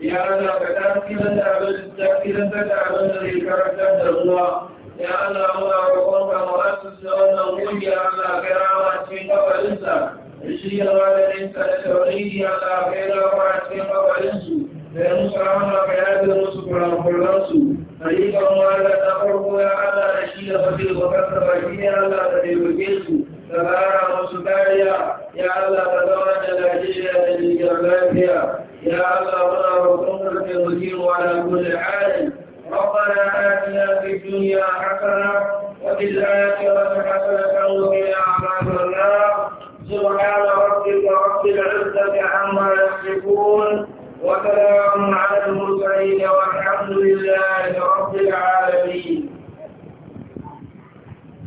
ya Allah ka tafiyar da abin tafiyar da abin da zai karantar da ruwa ya Allah muna roƙon ka mu'assis da wannan ƙungiya Allah ka rama cikin kafarinsa shi ya malamin ka da tauridi Allah ka yi rama cikin kafarinsu da yan samun ka yaɗe musu kurakuransu Harikan wala na farko ya Allah da shi da mafi bukatar baki ya Allah ka taimake su ka kara musu kariya ya Allah ka zama da Najeriya da jirgin lafiya يا الله ولا في الدين وعلى كل حال ربنا آتنا في الدنيا حسنة وفي الآخرة حسنة وقنا عذاب النار سبحان ربك رب العزة عما يصفون وسلام على المرسلين والحمد لله رب العالمين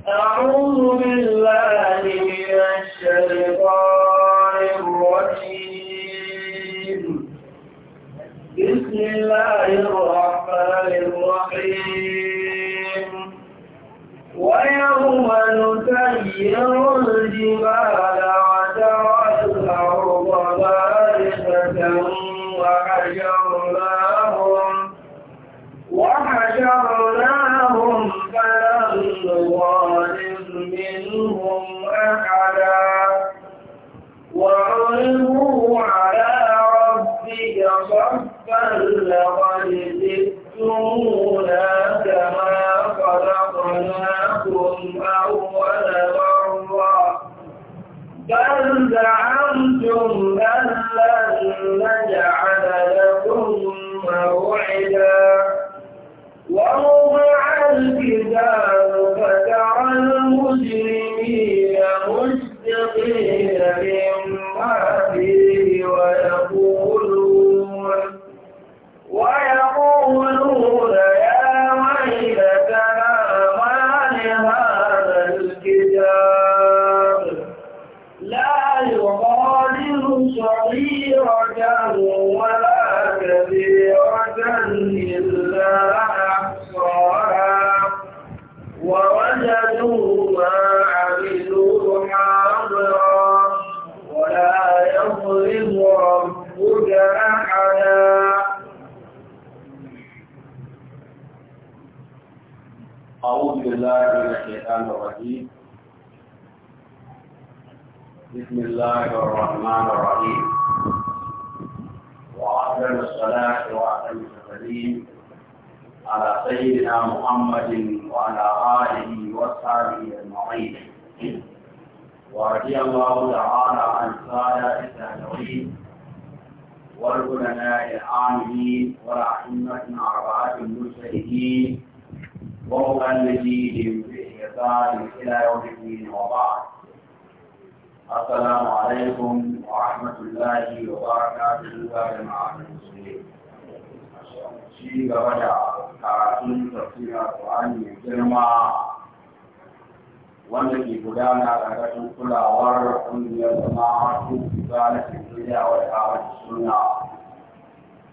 أعوذ بالله من الشيطان الرجيم بسم الله الرحمن الرحيم ويوم نسير الجبال وترى الأرض بارزة وحشرناهم وحشرناهم فلم نغادر منهم أحدا وعرضوا على صفا لقد جئتمونا كما خلقناكم أول مرة بل زعمتم أن لن لكم موعدا ووضع الكتاب فترى المجرمين مشفقين مما gudana ƙarƙashin kulawar ƙungiyar jama'a su fita na tafiya wa da'awar suna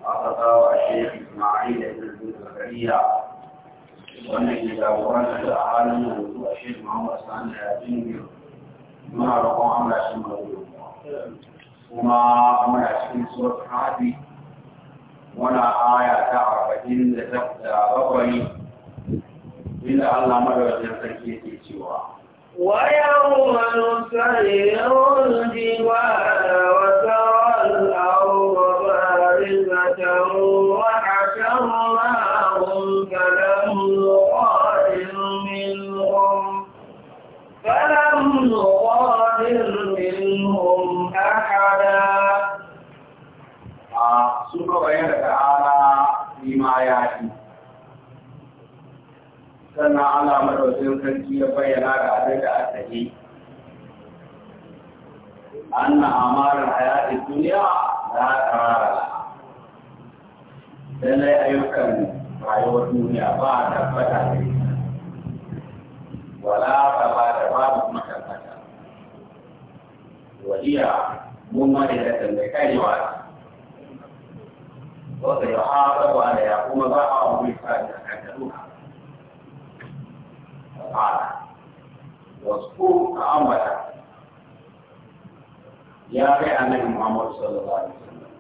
a kasa wa shekh ismail ibn zakariya wannan ke jagorantar da halin yanzu a shekh muhammad sani da jingir muna roƙon amla shi mai kuma muna cikin surat hadi wana aya ta arba'in da bakwai inda allah madawacin sarki yake cewa ويوم نسير الجبال وترى الأرض بارزة وحشرناهم فلم نغادر منهم فلم نغادر منهم أحدا سبحانه وتعالى بما يأتي sannan ana madaukin sarki ya bayyana ga abin da aka yi anna amarar hayati duniya da karara lallai ayyukan rayuwar duniya ba a tabbata da ita wala ba ba da babu kuma tabbata waliya mun mare da tambayi karewa ko da ya haɗa da ya kuma ba a وصفوك عمرا يا رئي محمد صلى الله عليه وسلم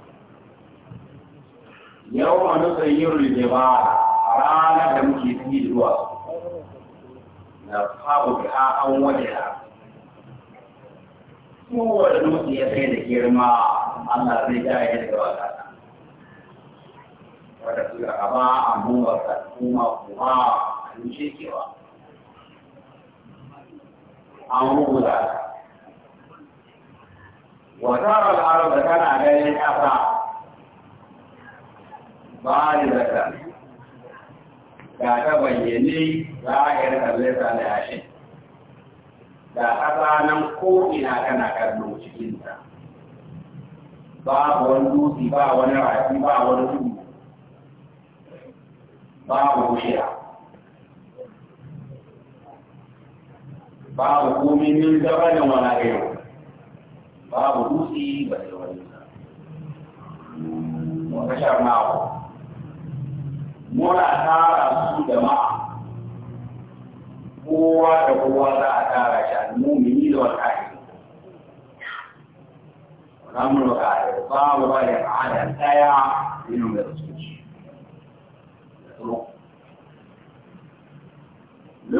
يوم نسير الجبال رانا دمكي في الوصف نرحبك آخر وجهة هو المسيح سيد كيرما أن الرجاية الوصف وتسير أباء أمور تكوم أفواه المشيكي وصف an rubuta wasarar ta na ganin ƙasa ba da zata ga ta bayyane za a yi kallesa da yashin da ƙasa nan ko'ina tana kallo cikinta Ba wani dutse ba wani rafi ba wani Ba babu shira babu komai min gabanin wani gaiwa babu dutse ba da wani wa kashar mako muna tara su da ma kowa da kowa za a tara shi al-mumini da wal kafir wannan mulka da babu ba da ta'ala daya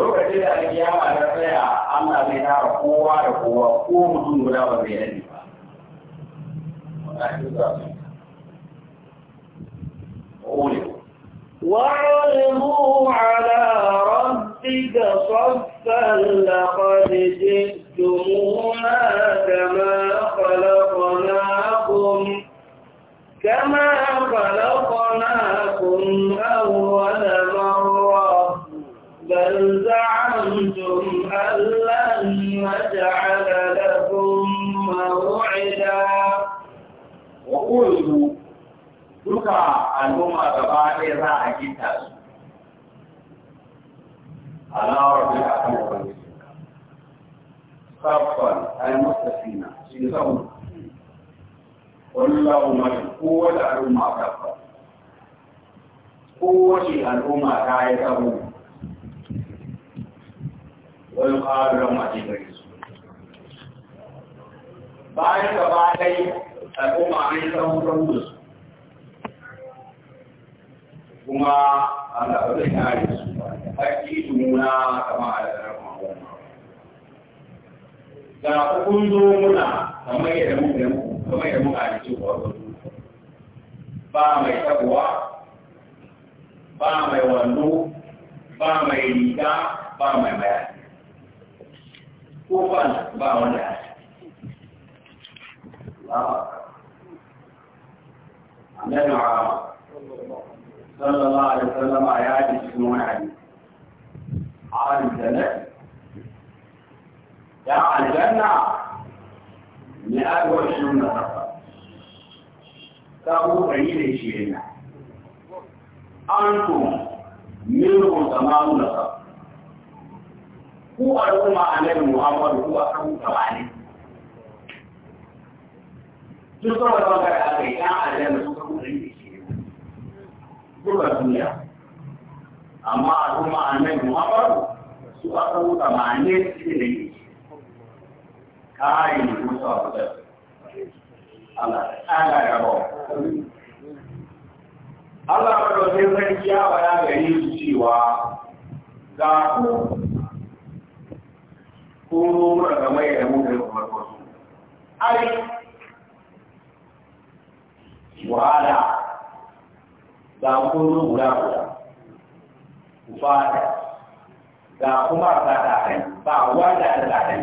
lokacin da alkiyama ta tsaya Allah zai tara kowa da kowa ko mutum guda ba zai dade ba وعلموا على ربك صفا لقد جئتمونا كما خلقناكم كما خلقناكم أولا وجعل لكم موعدا وقلت دكا المما تبعي راع كتاب على ربي أحمد صفا المستفينا سنزون قل له من قوة الأمة صفا قوة الأمة تعيثه والقادر مجدك bayan gaba ɗai a kuma an yi sauran kuma an da abin da ya su haƙi nuna kama a da ga hukun zo muna kamar yadda muka kamar yadda muka yi cewa ba mai tabuwa ba mai wando ba mai riga ba mai bayani ko ba wanda ya annabi wa sallallahu alaihi wasallam ya ji cikin wani hadisi an jannah ya aljanna ne a ga shi na haka sabu bari da shi ne an to min ko zamanin da ku al'umma annabi muhammadu ku akan ku ne duk kawai ba ga aka yi ɗan suka kuma shi duka duniya amma su aka wuta ma ne su ne a wutar Allah ta ya ba Allah ba da wajen ya su cewa ga ku ko mai da wahala ga kuma guda guda fada ga kuma fada kai ba wanda da kai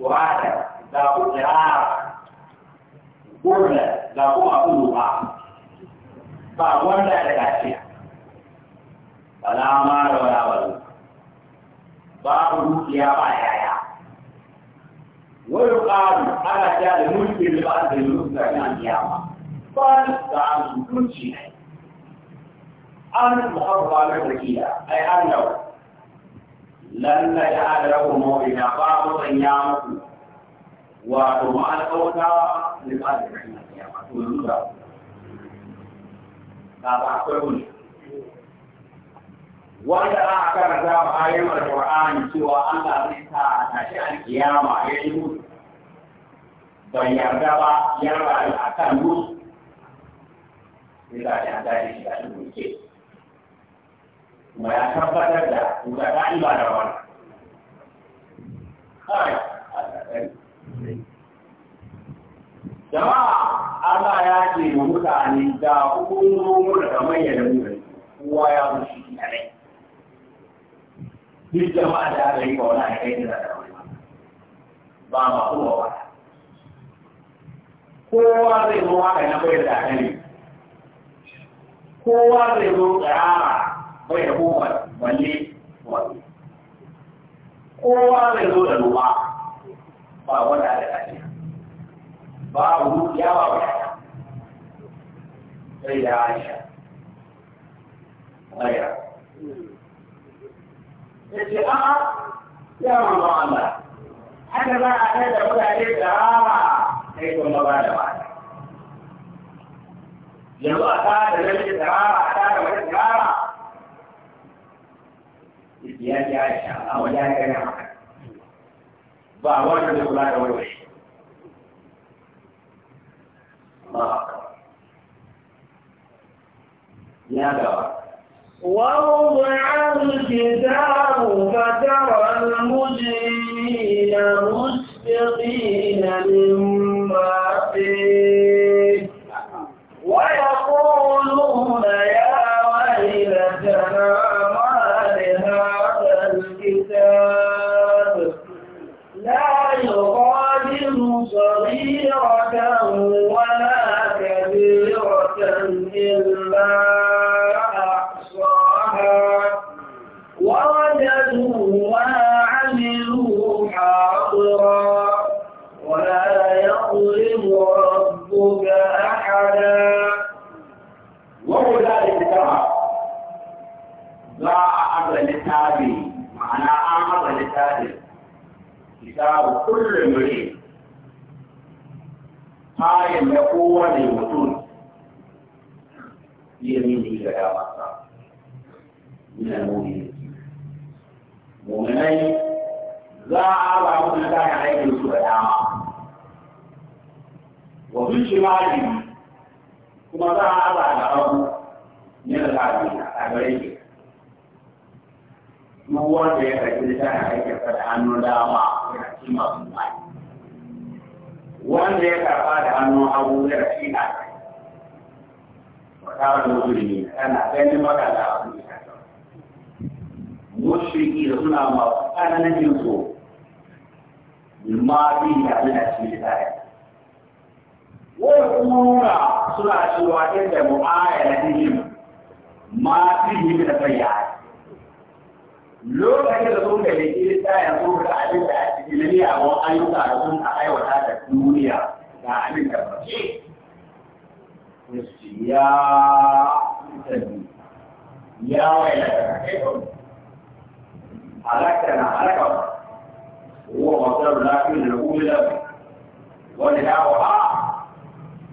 wada ga kuma kurna ga kuma kuma ba ba wanda da kai alama da wala wala ba yaya wani ba ya ya ويقال على da ba da mulkin عن ya قال تعالى كل شيء أنا محافظ على الرجية أي أنه لن نجعل له موعدا بعض أيامكم ومع الأوتار لبعض الرحمة يا رسول الله تعتقدون wanda za a karanta a ayoyin alƙur'ani cewa Allah zai sa a tashi alƙiyama ya yi mutu bai ya sa ta dace shi a cikin ke kuma ya tabbatar da kuka ta iba da wani kawai a tsakani jama'a ya ce wa mutane da hukun mura da mura kowa ya zo shi a rai duk jama'a da aka yi ba wani a kai da da wani ba ma kuma ba kowa zai zo haka na bai da kai kowa zai zo tsirara bai da kowa balle wani kowa zai zo da ruwa ba wanda da kashe ba ruwa ya ba ba sai da aisha ɗaya ya ce a ya mamma Allah haka za a kai da mutane tsirara sai kuma ba da ba yanzu a tara da namiji tsirara a tara da wata tsirara ya ji aisha a wani ya gani haka ba wanda da kula da wani shi ba ya gaba ووضع الكتاب فترى المجرمين مشفقين منه جناح kullum muri kayan da kowane mutum ya mini da ya masa ina muni muminai za a ba mutum kayan aikin su da dama wa bin shimali kuma za a ba da abu ne da zaɓi a gare ki duk wanda ya karɓi littafin aikinsa da hannun dama masu mai wanda ya karba da hannun hagu da rashi na kai wata wani musulmi kana ganin maka da abu da mushriki da suna masu tsananin jin so ma bi da suna ci da tare wasu nuna suna cewa inda mu'aya na dinin ma bi ne da bayyana lokacin da sun da ke da tsayan sun da abin da na ne a wani ayyuka da sun a aiwata da duniya ga abin da ba ce ya sabbi ya waila da kai halakta na halaka هو مصدر لكن نقول له ولهاوها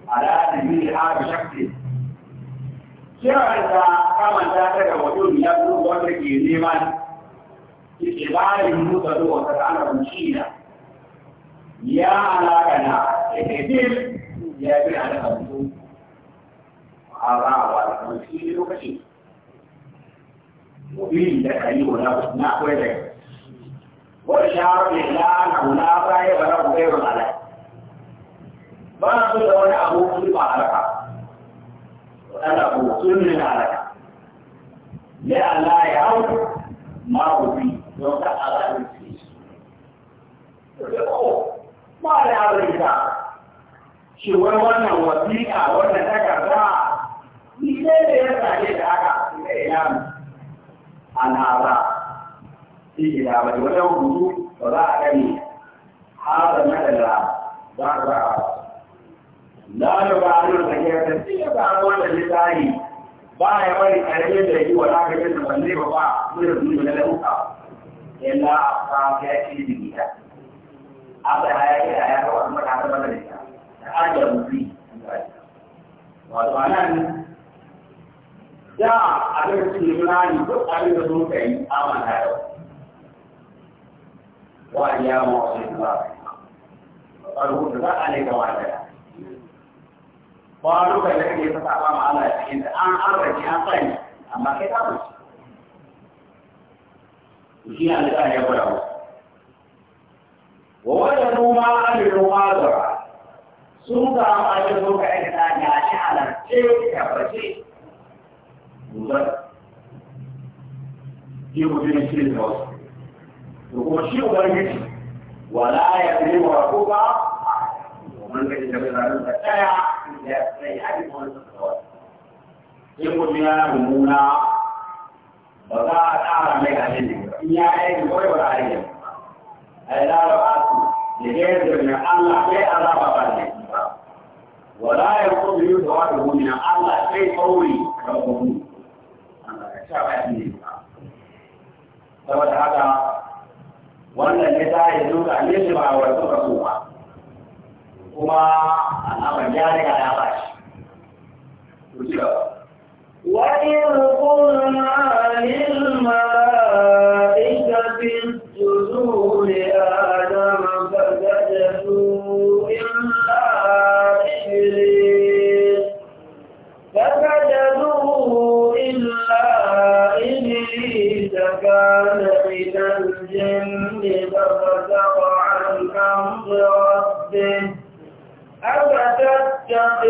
على تجميلها بشكل كيف أنت كما ذاكر وجود يبلغ وجهك نيمان بإغار المدد وتتعلم الشيلة يا علاقنا إتدل يا بن على خبزو وهذا هو المسيح الوكشي وفيه تكاليف ولا نحو ذلك والشعر إلى أنه لا رأي ولا غير عليه بنقول لو أنا أبوك بالمعركة وأنا أبوك من المعركة لأن لا يعود ما هو فيه don ka a ranar ci ba da yawon ka shi wai wannan wasiƙa wannan takarda ni sai da ya sake da haka da yawon ana ba shi ke da wani hutu ba za a gani har da madalla za a ba la da ba a nuna tsakiyar da ba littafi ba ya bari ƙarfi da yi wa za yi da wanne ba ba mu da zuwa lauka إلا أصحاب يأتي بجيتا أبدا هاي هاي هو أمر هذا بدل إياه تعجب فيه وأنا da abin limani duk abin da sun kai amana yau wa ya mu wasu ba farko da za a ne ga wata ba duka da kake saka ba ma'ana cikin da an arraji an sani amma kai ta mutu وشي أن كان يبرأ ووجدوا ما عملوا حاضرا سوطا ما يدوك إنسان يا شعلا شيء كفرشي مدر يقول في نسير الوصف يقول شيء وبرمشي ولا يدري ربك Yin mummuna ba za a ƙara mai a يا أيها الغير لا رأسه لجيز من الله شيء أضاف قلبه ولا يقوم يدعوه من الله شيء قوي ربه saboda haka wannan ya ta yi duka ne shi ba wa suka so ba kuma al'amar ya riga ya ba shi وإذ قلنا للملائكة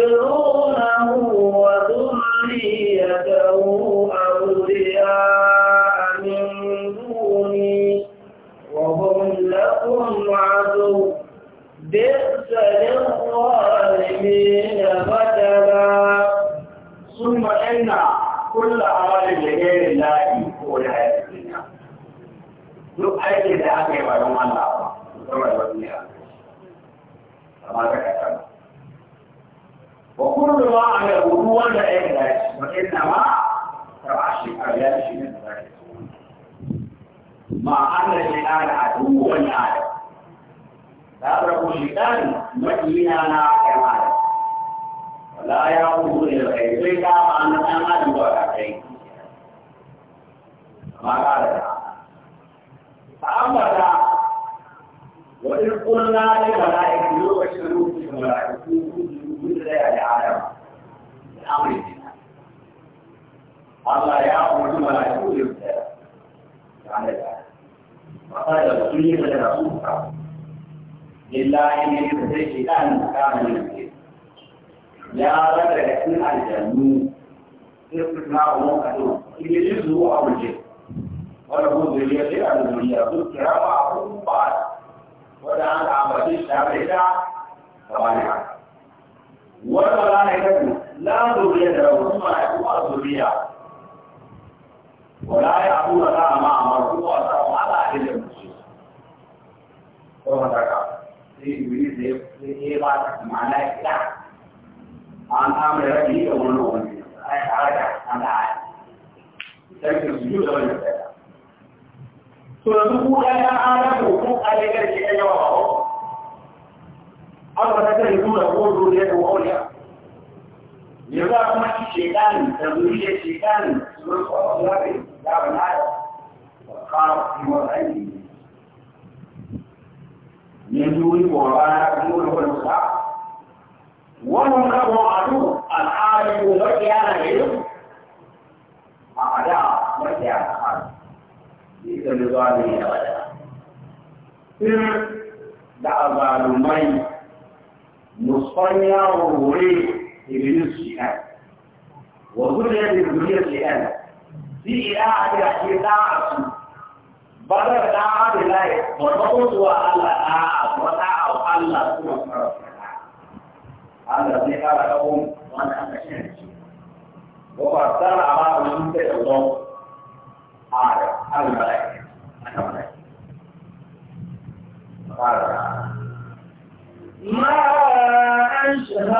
يضلونه وذريته إنما فعشق يا شيخ مع أن الشيطان عدو لآدم تضرب الشيطان مدينا أنا كمال ولا يقول إلى الخير ليس أن أنا أدعو على ما قال تعالى فأما وإن قلنا للملائكة يوم يشترون في الملائكة كل لا يعلم الأمر Allah ya umarci mala'iku da su tsaya ranar da mata da su yi da rasu ka lillahi ne da zai shi dan kana ne ya rada da cikin aljannu sai su na umar ka to ile shi zuwa abuja wanda ko zuriya sai a zuriya su kirama abubuwa wanda an ambaci shafi da kamar haka wanda ba na yi kasu la zuriya da rasu ma ya kuma zuriya ولا يعبون الله ما أمره وأثرهم على أهل المسجد ثم ذكر في إبليس إيضاح معناه إله عن أمر ربه ومنه منه أي حركة عن أعلى ترك السجود والمسجد سنقول أن آدم وقوق عليك الشيء يوضعه أما تتركون قول رؤيته وأولياء يبقى ما الشيطان تدوير الشيطان سنقول الله دعوة العالم وقال في وضعه ينزوي وراء نور والمصحف وهم له عدو الحال ومكيانا يلوم أعداء مكيانا حال ليس لظالمين غدا دعا ظالمين مصطنع وغريب إبليس شيئا وغريب في الدنيا شيئا بإعادة إطاعته بدل دعاء الله والبطوط وعلى دعاء وطاعة الله سبحانه هذا ذكر لهم وأنا أتشهد وقدر على من الله أعرف الملائكة أنا ملائكة قال ما أشهدتم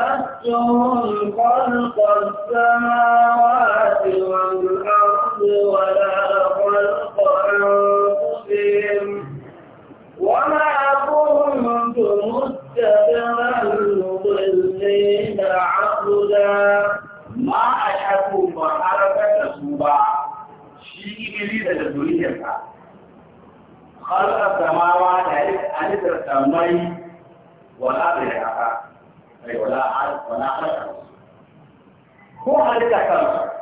خلق السماوات والأرض ولا خلق أنفسهم وما كنت متبعا المضلين عبدا ما أشهد بحركة سوبا شيء جديد لدنيا خلق السماوات أن تسمي ولا بها أي ولا عاد ولا خلق ko halitta kansu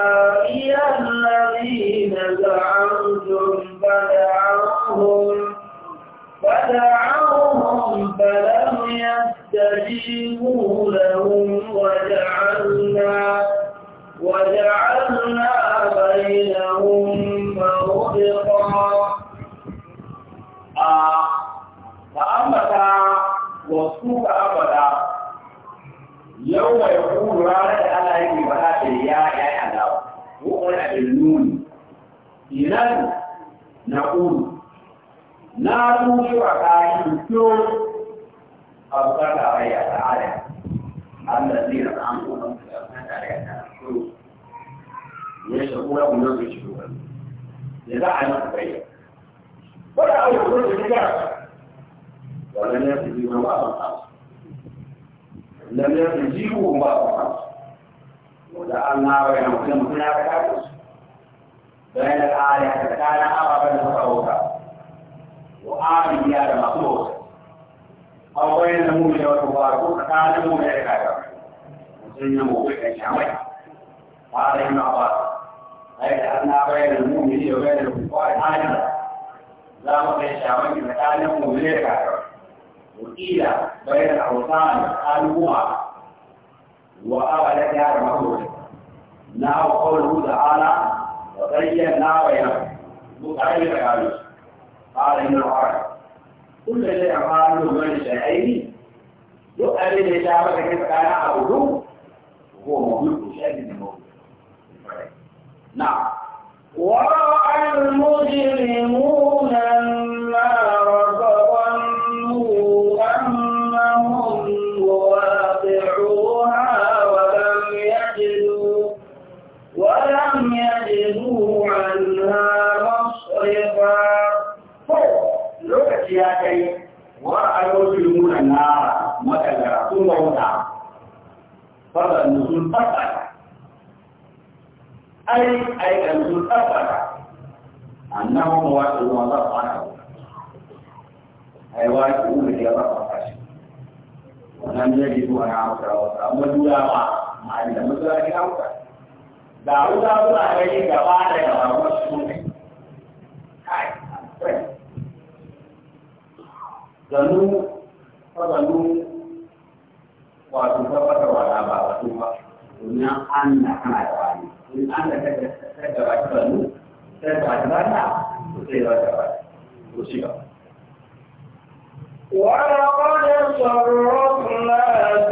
زعمتم فدعوهم فدعوهم فلم يستجيبوا لهم وجعلنا وجعلنا بينهم موبقا فأمتا وصفوك أبدا يوم يقول رأي على يوم هذا يا يا أنا وأنا بالنون إذن نقول نار شركاء الكون أبقى عليها تعالى الذين أنعموا لهم في الأرض عليها يشربوا لهم من يشربوا جزاء مقبيا ولا أول خروج الحجاب ولم يستجيبوا الله الخمس لم يستجيبوا الله الخمس وجعلنا بينهم كلمة لا بين الآلهة كان أقرب المتروكة وآمن يا مخلوق أو بين المؤمن والكفار كان المؤمن الكافر مسلم موقفا شاملا قال ابن عباس أي جعلنا بين المؤمن وبين الكفار حاجزا لا مطلع شاملا فكان المؤمن الكافر وقيل بين الأوطان كانوا وأولد يا مخلوق نعم قوله تعالى وبينا بينهم متعين قالوا قال ابن عمر كل شيء قاله من شيئين يؤمن إجابة كيف كان أقوله وهو موجود شيء من موجود نعم ورأى المجرمون lokaci ya kai wa a yau na makallara sun bauta fasa sun tabbata ai ai sun tabbata Annan wa wa za fa ana ai wa ki umma ya ba wannan ne ji zuwa na amsa wa amma dura ba ma da mutsara ki amsa da wuta suna gani gaba da gaba wasu ne kai zanu ta zanu wato tabbatar wa da ba ba domin an na kana da wani in an da ta gaba ta zanu ta ta rana to sai ta to shi gaba ولقد صرفنا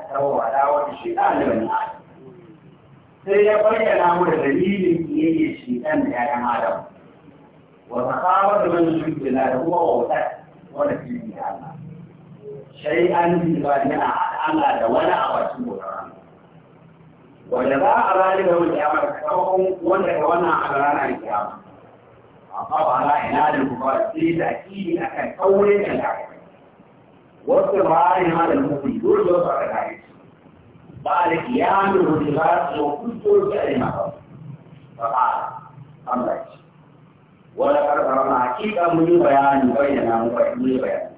tawa dawo da shaitan da bani sai ya bayyana mu da dalilin kiyaye shaitan da ƴaƴan adam wa sahaba da man shirkila da kuma wautar wanda ke yi Allah shay'an ba yana haɗa Allah da wani a bakin bautar wanda za a rani da wani kiyama da sakamakon wanda ga wannan a ranar kiyama amma ba na ina da kuma sai da kini akan kaurin da والقرآن هذا المفيد دول يوضع الحديث بعد قيام الرجلات وكل دول كلمة فقال أمرك ولقد رمى حقيقة من بيان بيننا من بيان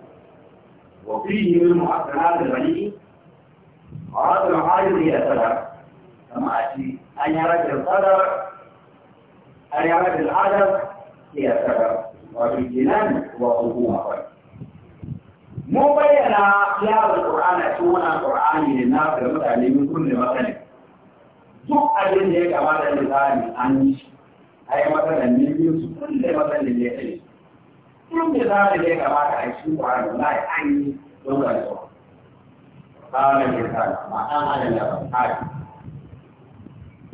وفيه من محسنات الغني أراد المحاجر هي السبب كما أتي أن يرد الصدر أن يرد الحجر هي السبب وفي الجنان وقوه مقر mun bayyana yawon Qur'ani a cikin wannan Qur'ani ne na da mutane mun kunne masani duk abin da ya kamata ne zani an yi ai masana ne biyu su kunne masani ne kai in da zani ne kamata a cikin Qur'ani wallahi an yi don ga su kana ne kana ma an hana da hali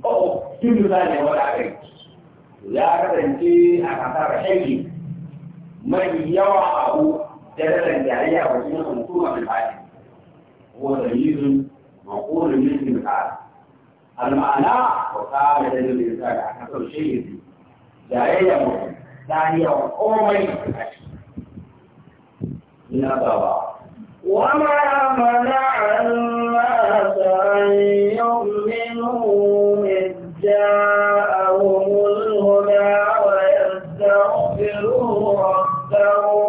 o o kin da zani wala kai ya kasance a kasar shege mai yawa abu جدلا جارية وسيلة مطلوبة من العالم هو تمييز معقول مثل العالم المعنى وقال لدى الإنسان حسب الشيء جارية ثانية وقومي من الضباب وما منع الناس أن يؤمنوا إذ جاءهم الهدى ويستغفروا ربهم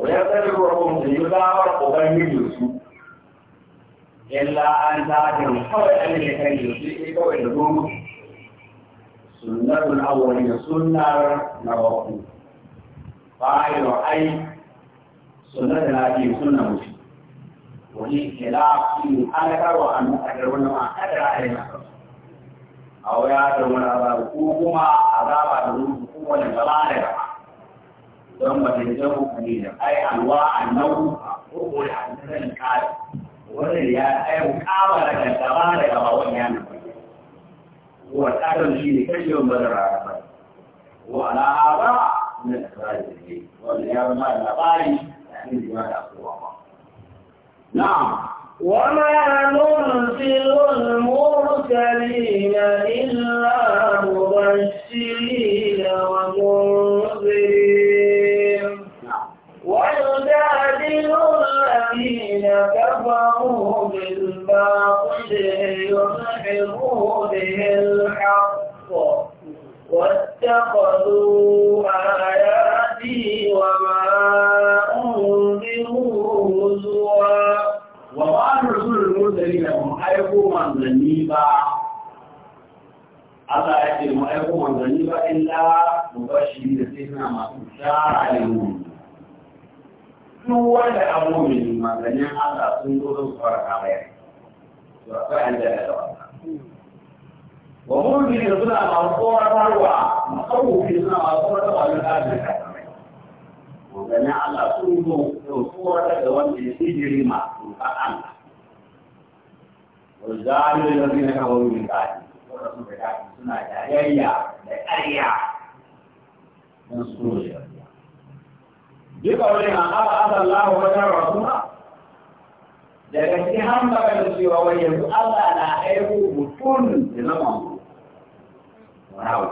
ويضرهم ليدار أبين يوسف إلا أن تأتهم حول يكون يوسف ويدوم سنة الأولين سنة نوافل فاعل أي سنة الأولين سنة ثم تنزه قليلا أي أنواع النوم هو الحديث الكاري وليا أي مكاولة كالتوالي أو أوليانا هو الأدم شيء كل يوم بدر عرفة وعلى هذا من الإسرائيل الدين وليا ما الأباري يعني لماذا أقوى نعم وما نرسل المرسلين إلا مبشرين ومنذرين الذين كفروا بالباطل يمحضونه الحق واتخذوا آياتي وما أنذروا هزوا وما الرسول المرسلين هم حيقوا من ذنيبا الله يكرم من ذنيبا آية إلا مبشرين سيدنا ما تشاء عليهم Kí wọ́n maganin Allah sun zo sun fara kamaya to akwai an da da wannan wa mu'mini da suna masu tsoratarwa masauki suna masu tsoratarwa don kafin kamaya maganin Allah sun zo sun tsoratar da wanda ya hijiri masu ka Allah والزالي Orang كفروا من بعد ورسول الله سنة جاهلية لأريا من سوريا بقولنا Allah الله وجل Rasulullah, daga cikin an magana cewa wai yanzu Allah na aiko mutum da zama wow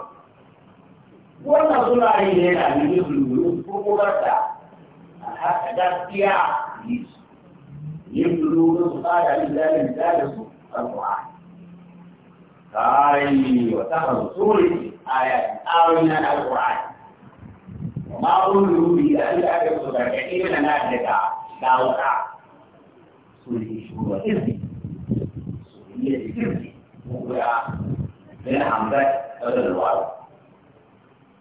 wannan suna yi ne da ni zulu kurkurarta a haka gaskiya yi su yin zulu su tsara misalin da su alƙur'ani kai wa ta rasuli ayat awina da alƙur'ani ma ulul bi da Allah ya so da kai ina na da da wuta سوري هو هو بين الوعد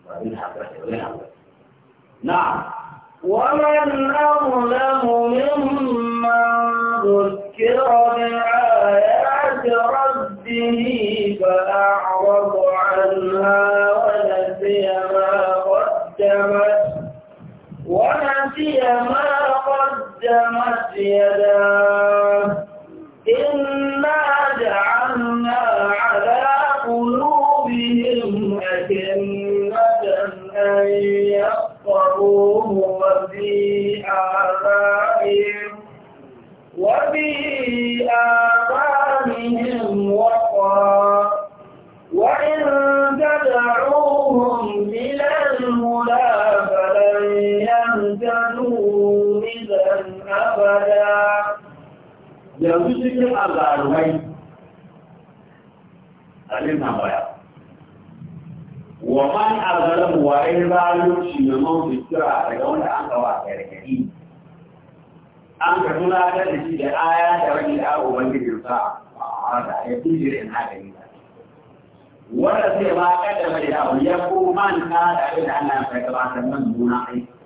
وبين نعم ومن أظلم ممن ذكر بآيات ربه فأعرض عنها ونسي ما قدمت ونسي ما قدمت يداه إنا جعلنا على قلوبهم أكنة أن يفقهوه وفي آبائهم وفي آبائهم وقرا وإن تدعوهم إلى الهدى فلن يهتدوا مجلسا أبدا yanzu cikin azarumai abin na baya wa man azalamu wa in zalunci na man fitira daga wanda an kawa gargadi an ka tuna ta da shi da aya da rage da abu ubangijin sa a da ya tijir in haka yi wanda sai ma kaddama da abu ya ko man ka da abin da Allah ya faɗa ba ta nan nuna aiki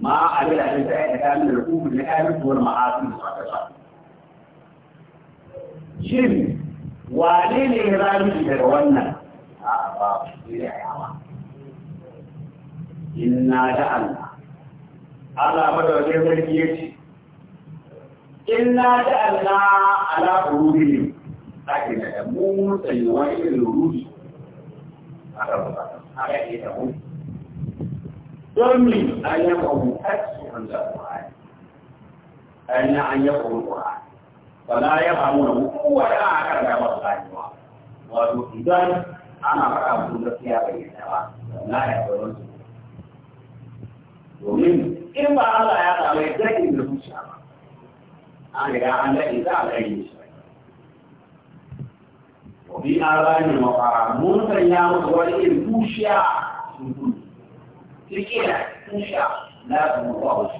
ما عليه الأجزاء كان من الأم الآلف والمعاصي شيل وعليه الإهرام في فرعون أعراف آه، إلى إنا جعلنا على بدر جبل يجي إنا جعلنا على قلوبهم أكيد مو سيوان الروج هذا هو هذا هو don me an yi kawo aiki an da ƙwari an yi an yi kawo ƙwari ba na ya kawo da kowa da aka karga masu ganewa wato idan ana faɗa mutum gaskiya bai yi ba na ya kawo su domin in ba Allah ya samu ya zai da zuciya ba an riga an daɗe za a ɗari shi Wabi a ranar mafara mun sanya musu wani irin tushiya sun لكي تنشأ لا تنضبط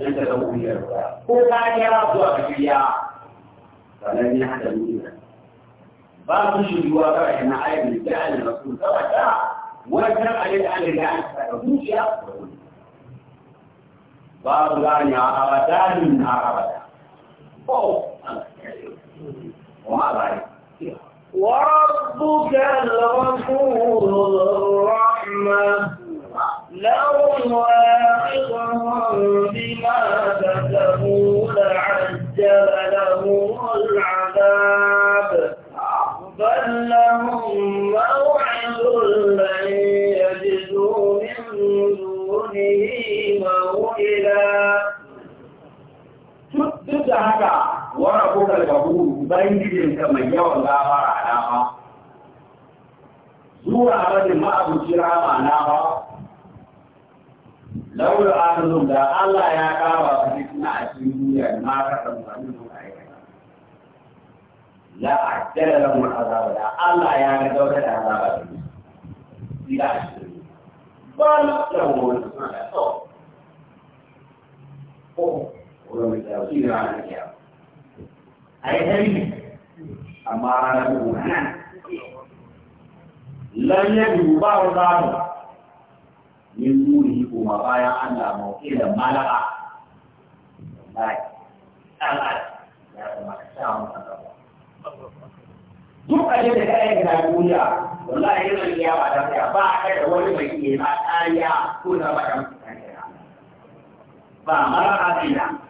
أنت لو وياه وكان يرى ضعف فيها فلن يحدث منها بعض الشيوخ رأي أن عيب الجعل الرسول صلى الله عليه وسلم وكان عليه أن الجعل فتوشي بعض غني عربتان من عربتان وهذا وربك الغفور الرحمة لو واقعهم بما كتبوا لعجل لهم العذاب بل لهم موعد لن يجدوا من دونه موئلا duk da haka wani abokan gaburu ubangijinka mai yawan gafara na ba zuwa abadin ma'abuci rama na ba laula akalun da Allah ya kawo su fitna a cikin duniya da ma ka san wani mun aikata la ajjala lahum azaba da Allah ya ga dauka da azaba da su ila shi bal lahum azaba ويوم التوحيد على القيامة أي كلمة أما أنا لن يجب بعض ذلك من نوره كما قال أن موكلا ملأ لكن الأرض يا مكسام duk abin da kayan na duniya wallahi yana iya ba da ya ba ka da wani mai iya ba kariya ko na ba da mutane ba mara abina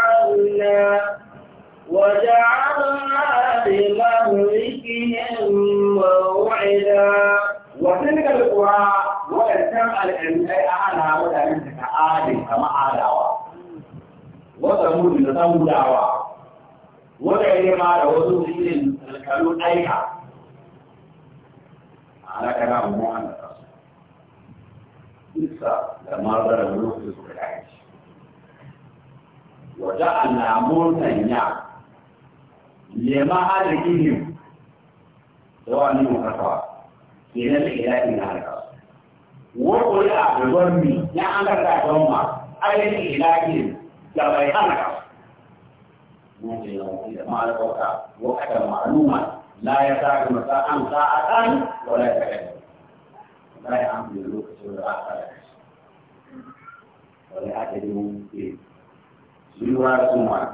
وجعلنا لمهلكهم موعدا وتلك القرى وكان الأنبياء على وذلك كآد كما آدوا وثمود ثمودوا وغيرها وذو ذيل الكلون أيها على كلام مؤمن لسه لما ضرب الوقت في العيش وجعلنا موتا يعني لما أدركهم سواء منهم كفر إلى الإله من هذا وقرئ بظلمي يا أنك تعلم أي الإله كما يحنك ما لقوك وقت معلومة لا يتاك مساء ساعة ولا يتاك لا يعمل الوقت والآخر ولا أتدرون فيه سيوار سمعك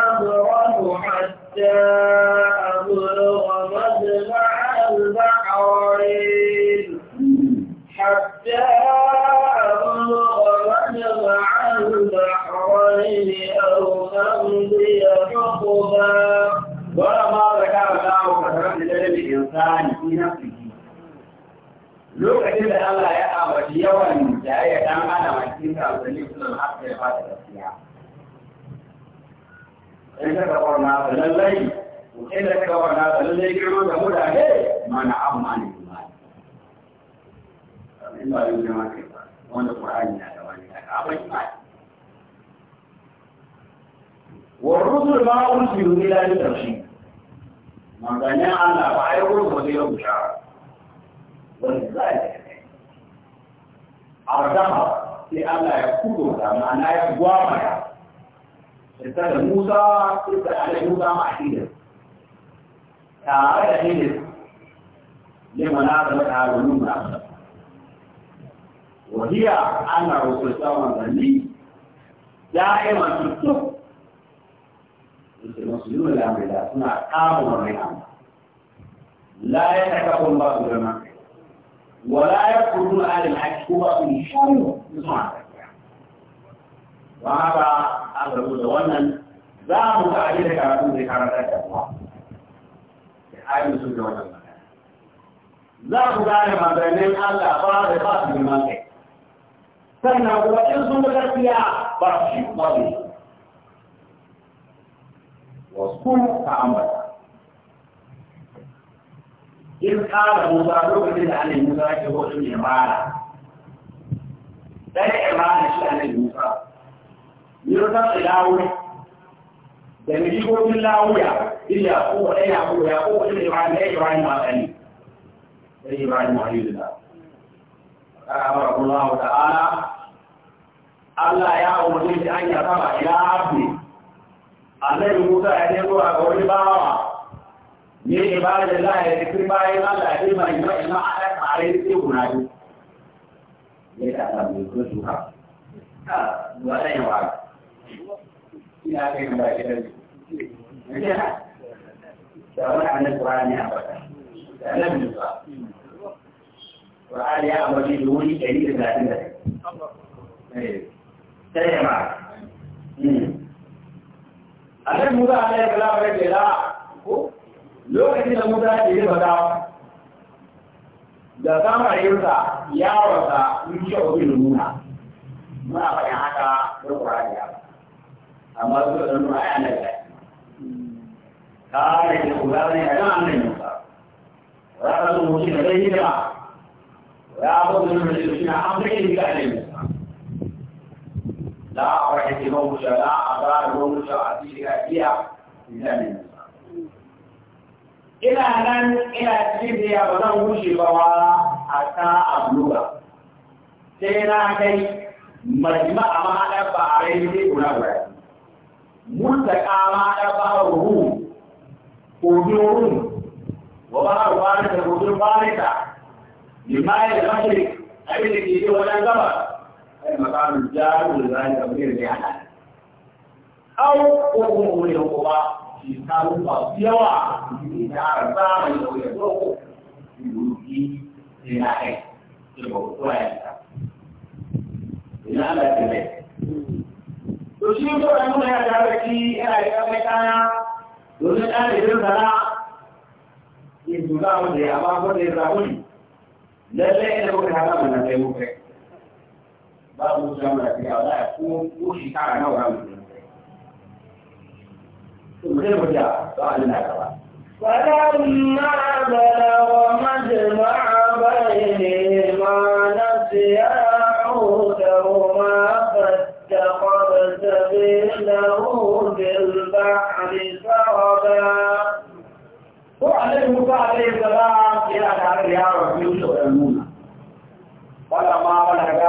حتى أبلغ مجمع البحرين حتى أبلغ مجمع البحرين أو أمضي حقبا ولما ذكر الله كثرة لدرب الإنسان في نفسه لوكتين الله يا أبا يوم جاء يتعامل مع الإنسان في نفسه حتى يفاتح in ka kawar na da lallai in ka kawar na da lallai girman da mutane mana amma ne ma in ba yin girma kai ba wanda qur'ani na da wani daga abin ma wa rusul ma ursilu ila al-tashrik magana Allah ba ai rusul ba zai bushara wani zai arzama sai Allah ya kudo da ma'ana ya gwamaya رسالة موسى ترسل على موسى مع حيلة تعالى حيلة لما نعتمدها ونوم نعتمدها وهي أن الرسول صلى الله عليه وسلم دائما في السوق المسلمون الأمر الله سنة كامل من لا يتكفون بعض الجماعة ولا نعم. يكونون أهل الحج هو في شر يصنع وهذا an rabu da wannan za mu ta'adi da karatu zai karanta da kuma da ayyukan su da wannan magana za ku gane maganin Allah ba da ba su girman kai sannan kuma in sun gaskiya ba su shi kuma ne wasu ka ambata in ƙara musa lokacin da annabi musa ya ke hoton imana ɗaya imana shi annabi musa يرسل إلى أولي لأن يقول الله ويا إلا هو إلا هو يا هو إلا إبراهيم إلا إبراهيم عليه إلا إبراهيم عليه الله أمر الله تعالى Allah ya umarni da an yaba ila abdi Allah Musa ya ne zuwa ga wani bawa ne ibada Allah ya tafi bayan Allah ya yi mai mai na ala tare da ke guda ne ya ta samu ko suka ha wa dai wa ina kai ga baki da sauran annabi Qur'ani ya faɗa annabi Musa Qur'ani ya ambaci da wuri ɗari da talatin da sai ya ma annabi Musa alaihi salam ya ce la ko lokacin da Musa ya ce ba da zamaninsa yaronsa in ce obin nuna muna faɗin haka da Qur'ani ya amma su da nuna ai ana da ka ne da kula ne a nan ne ka ya ka zo mutum da dai da ya ba da nuna da shi na an bai ni ka ne la a rake ba mu da a ba da mu da a ci da iya ina ne ina nan ina cikin da ya ba zan wuce ba wa a ta abluga sai na kai majma'a ma'adar ba a rai ne guda guda ملتقى ما أربع الروم وجوههم وبعض فارس وجوه فارسة لما المشرق أي الذي يجي ولا الغرب أي مقام الجار ولذلك تبرير بأحد أو قوم من القبى في كانوا قاسيوا في دار زمان لو يدوه يوجي في ناحية في الوقت إلى أن تبرير to shi ne kawai nuna yana da haraki yana da kamar kaya domin ɗan da irin sana ya zuza wanda ya ba wanda ya zaɓu ne lallai yana muka haɗa mana sai muka ba mu zuwa mana fiya wala ya ko ko shi kara nawa ga mutum to mutum ba ja ba a nuna gaba فلما بلغ مجمع بينهما نسيا حوتهما فاتقا يبتغي له بالبحر سربا وعليه موسى عليه السلام إلى دار يا رب يوسف المنى فلما بلغ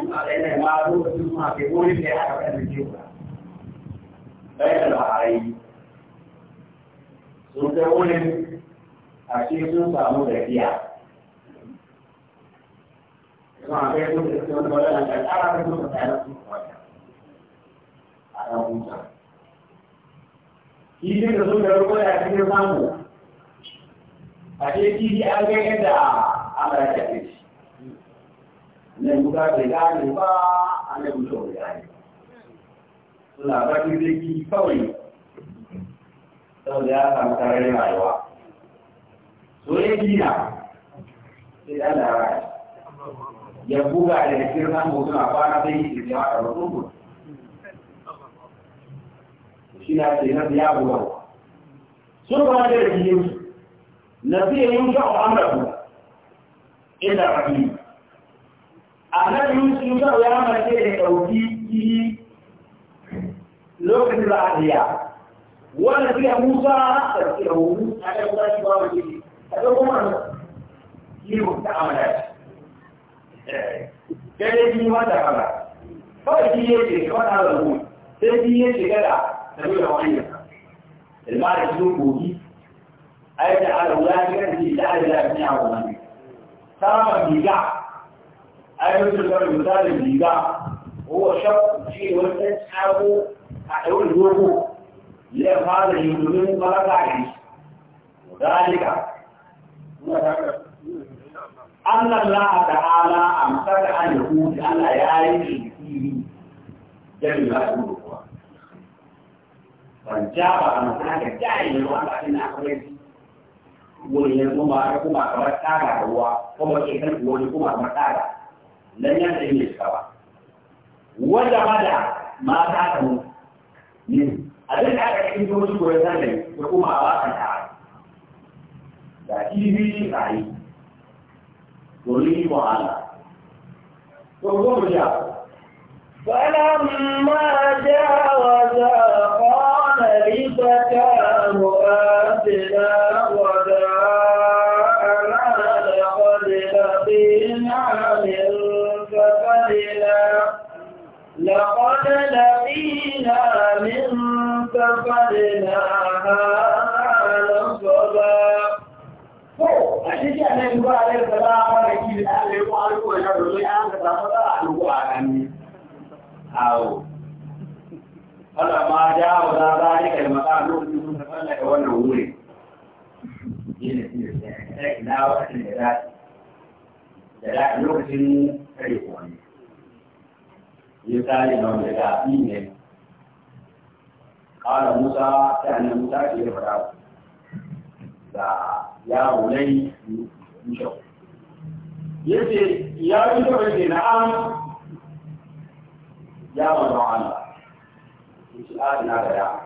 من علينا ما دون ثم في قول في حركة الجوع بين البحرين sun ta wurin a ce sun samu gajiya suna kai sun da sun wani wani na ƙarƙara sun ta tsaye sun kwaya a ɗan huta kifin da suka rubo ya cikin samu a ce an ga yadda Allah ya tafi shi nan guda gane ba an da mutu bai gane labarin zai kifi kawai saboda ya samu tarayyar rayuwa soyayya na sai Allah ya raya ya buga da kirkan mutum a kwana bai yi da shi na ya buwa sun ba da rikin na fiye yin sha'o amurku Ina rafi a nan yin shi sha'o ya mace da ɗauki ki lokacin da a riya wanda musa da fiye hudu a ɗan kuma shi ba mu a ɗan kuma yi mu ta amurka gare eh, shi ma da kama kawai shi yake kamar da rubu sai shi yake gada سبيل وحيدا المعنى الجنوب بودي أي تعالى أولئك الذي جعل لا يبني على ظلامه تمام البيجاع أي مثل كما يقال البيجاع هو شخص شيء ويسحبه أحيون جوه لأفعال اليمين فلا تعيش وذلك أن الله تعالى أمسك عن يهود أن لا يعيش فيه جميع الأمور فانجاب أن هناك دائما وأنا أن أخرج ولينما أكما كمتاغا هو كما كيفن وليكما كمتاغا لن ينتهي الكوا وجمد ما تعتمد منه أدل على أن يكون كويسان وكما أواقع تعالى da ilimi tsaye domin wahala. Gwagwagwa ja. Falamma jawaza لفتاه آتنا وداءنا لقد لقينا من سفرنا لقد لقينا من سفرنا هذا نصبا Ashishi annabi ba a yarda ba a mara kiri da Allah ya ko alƙawarin da ya ka samu da alƙawarin. Awo. Allah ma ja wa za za ne kai maka lokacin sun tafi daga wannan wuri. Yana fiye da ya ina wakacin da za da za lokacin kare kowani. Yin tsari na wanda ga fi ne. Kala Musa ta hannun Musa ce ya fara da yaro nai Mushau. Yace ya fi shawarci na'am ya wa Allah. سؤال لا بيع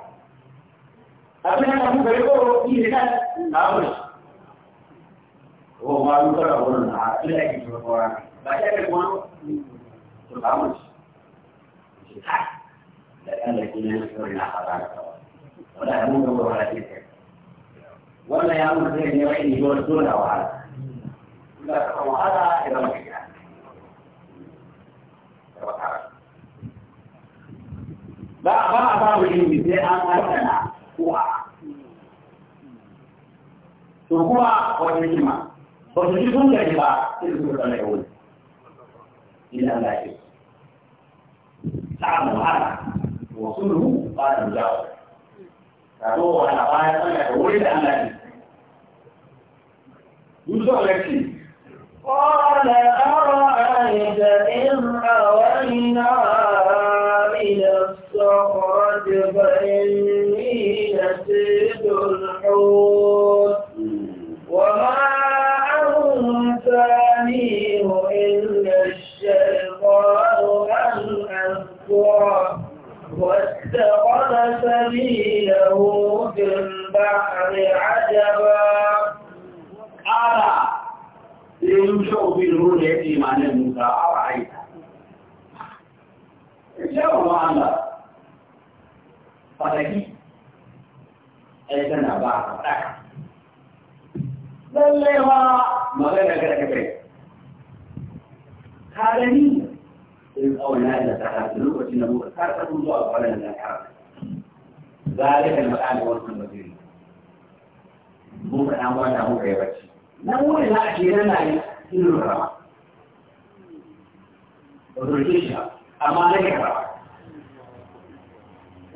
أبنى أبو بريكو إيه لا نعمل هو ما يقرأ قولنا عائلة كيف القرآن بشأك القرآن تقامل لأن الذين يذكرون حضارة ولا يموتون ولا تلك ولا يأمر بهم يوحيد يقول دون أو هذا إذا تقوم هذا إذا ما كان ba ba a samu ilimi sai an aikata kuwa to kuma wata hikima ba su ji sun gari ba sai su kuka mai wani ila Allah ya samu hana wa ruhu ba da jawo ka zo wani bayan tsaya da wuri da Allah ne يوسف لكي قال أرأيت إن أوينا الحوت فإني نسيت الحوت وما أنسانيه إلا الشيطان أن أذكره سبيله في عجبا أرى يمشي بالهدى إيمان موسى أرأيت جاء الله kwanaki ai tana ba a faɗa lallai ba magana ga daga kai ka gani in tsawana da ta hasu lokacin da muka karɓar zuwa kwanan da ta ذلك المكان والمسيرين ممكن أن أقول له غيبتي نقول لا جيرنا إلى الرمى وتركيشها أما لك الرمى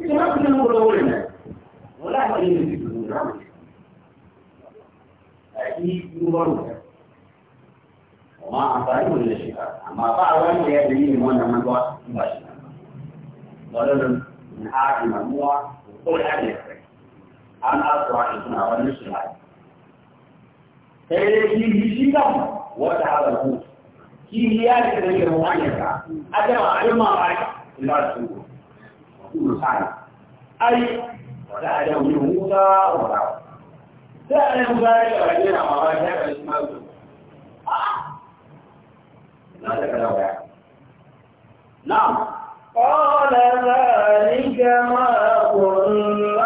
إذا ما كنا نقول أولنا ولا ما يمكن تقولون أكيد يبرون وما أنفعهم إلا شيء أما بعضهم يدري من من دوات مباشرة ولن من حاكم الموع وكل هذا يفرق أن أسرع إثناء ونشر هذا sai shi shi kan wata haɗa ku shi ya ce da yake ruwan yanka a jama'a a yi mamaki ila su أي ولا أدوه موسى ولا سأل مباري أرجينا مباري هذا الاسم نعم قال ذلك ما قل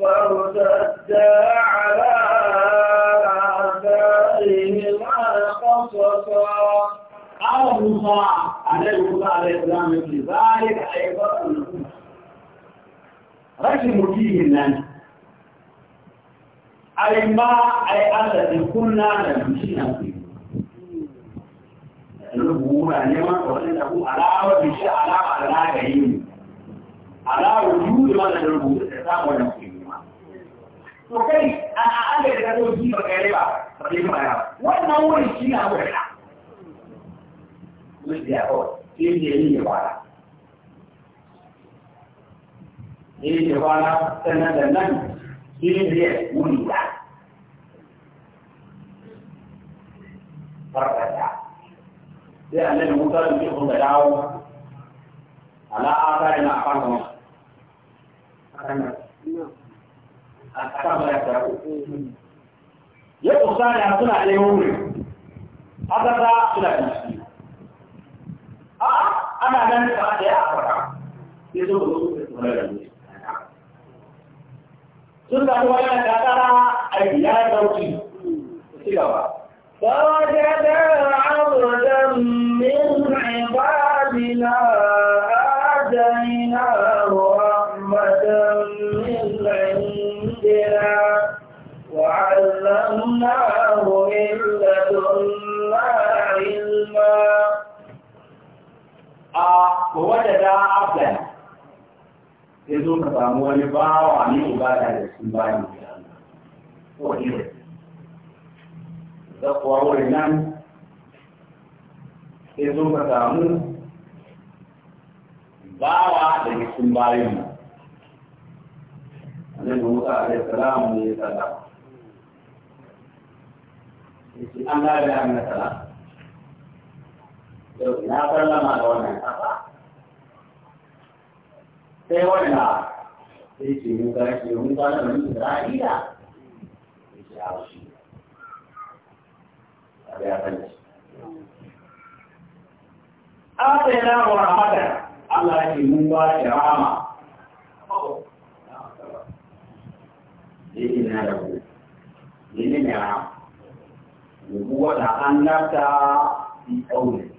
فارتدى على آثاره ما قصصا الله النبي صلى الله عليه وسلم يقول ذلك أيضا رجم فيه الناس أي ما أي الذي كنا نمشينا فيه الربوبة نعمة وأنه علاوة بشيء علاوة على غيره على وجود ما الربوبة تتابع نفسه وكيف أنا أعلم أنه يجيب غيرها مش بيعود يجي يجي بعض يجي بعض سنة لمن يجي ولد فرقة لأن المطلب يقول دعوة على آثار ما أقامهم أقامهم يقول صالح أصنع عليهم أقامهم أقامهم a'a ana nan da ba da ya fara sai zo mu su tsara da mu sun da kuma yana takara a ya dauki ci gaba فوجد عبدا من عبادنا آتيناه رحمة من عندنا وعلمناه من لدنا a wadda da abdan ya zo ka samu wani bawa ne ibada da sun bayan ko ne da kuwa wurin nan ya zo ka samu bawa da sun bayan mu annabi Musa alaihi salam ne ya sallama yace Allah ya yi annaka na sallama da wannan kafa sai wanda sai ce mun ga shi mun ga da mun Isra'ila ya ce a shi a ya san shi Afirina wa rahmatan Allah ke mun ba shi rahama. Yake na da ku, yake na, yubu wata an nafta fi ƙaunin.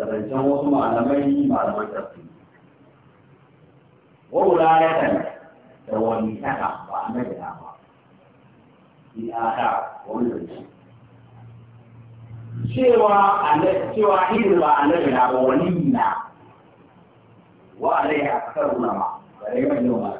da zancen wasu malamai malaman tafsiri wawula ya kan da wani taka ba a mai da ba ina ta wani zance cewa cewa irin ba a nabila ba wani na wa alaiha aksaru na ma bare mai yau ma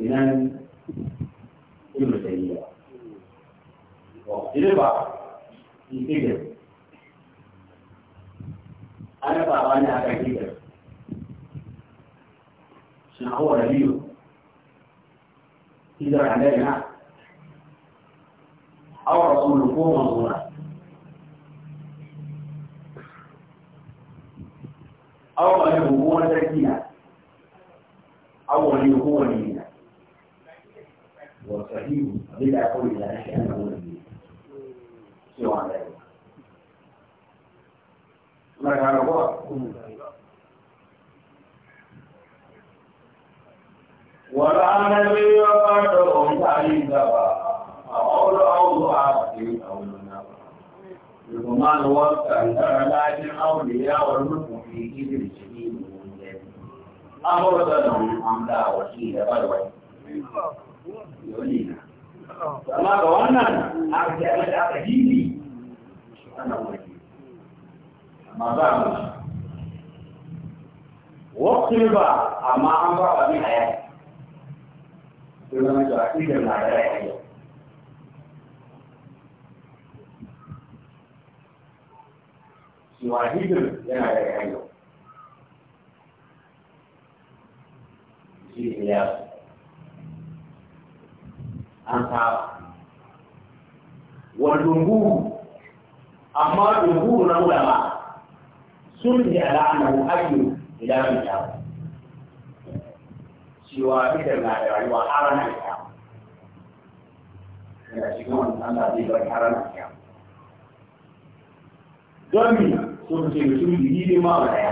إمام ابن تيمية واختلف في فكر أنا طبعا على فكر شنو هو ربيع تقدر علينا أو رسول فوق مظهورة أو أن يكون سكينة أو أنه هو وصحيح بلا قول إلى أشياء أنه نبي سوى ذلك ما كان هو ولا نبي قد أنت أقول أو أعطي أو منافع لقمان وقت أن ترى لكن أولياء والمتمحيين بالجديد من جديد أمر لهم أم لا وكيل بل وكيل يولينا فما قولنا أعرف يا أمد أقديمي أنا أولي أما بعمل وقت البعض أما أن بعض من حياتي على ما تعطيك العدالة سوى هجر لنا لا يحيو في خلاف an saba wal jumhur amma jumhur na ulama sun yi al'amarin ayyu ila mai kyawu cewa fitar na da rayuwa har na kyawu yana cikin wani Allah zai bar har na kyawu don mi sun ce mutum biyu ne ma wani ya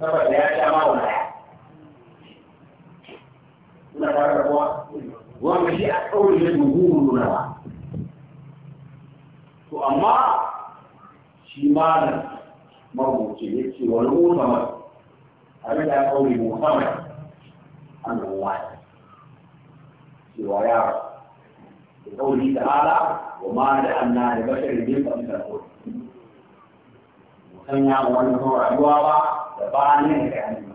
saboda ya sha ma wani ya ina tare da kowa wanda shi a kawai da jumhurin ulama to amma shi malam marubuci ya ce wani musamman abin da ya kawai musamman an da wani cewa yara da kawai da ala wa ma da an na da bashar da ya kawai da kawai musamman ya wani kawai rayuwa ba da ba ne da kayan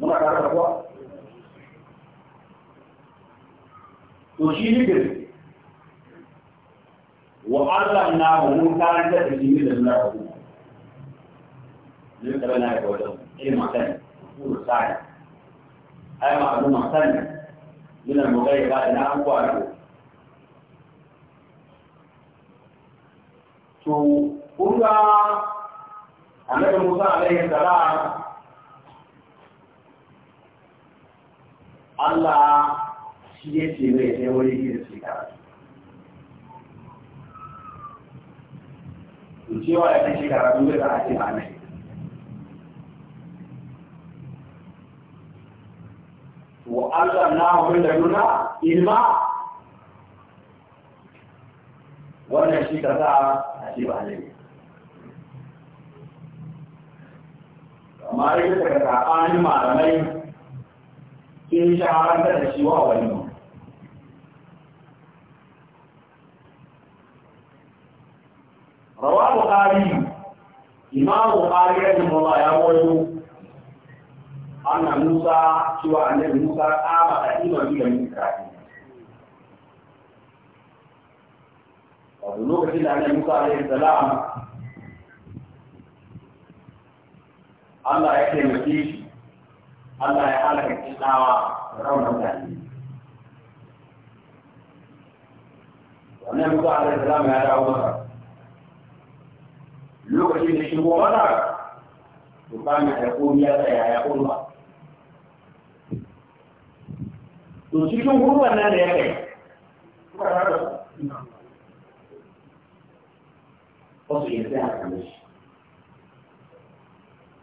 muna tare da kuwa to shi hikir wa Allah na mun karanta da shi da Allah ku ne kada na ga wajen ilmi kan ku sai ai ma abun masan min al-mughayyiba na an ku aro to kun ga annabi Musa alaihi salam Allah shi ya ce mai sai wani gida ce karatu. To cewa ya kashe karatu zai a ce ba nai. Wa Allah na hukun da nuna ilma wannan shi ka sa a ce ba ne, Amma yadda ka saɓa ni malamai sai ya shahararta da shi wa wani rawa bukari imam bukari rajin mula ya wato ana musa cewa annabi musa kama da imam biyan isra'i wato lokacin da annabi musa alaihi salam Allah ya taimake shi Allah ya halaka kisawa raunata ne wannan mutu a da zama ya dawo masa lokacin da shigo mana to ba mai da komi ya tsaya ya kurba to cikin kurban nan da ya kai kuma ta da wasu ya tsaya kamar shi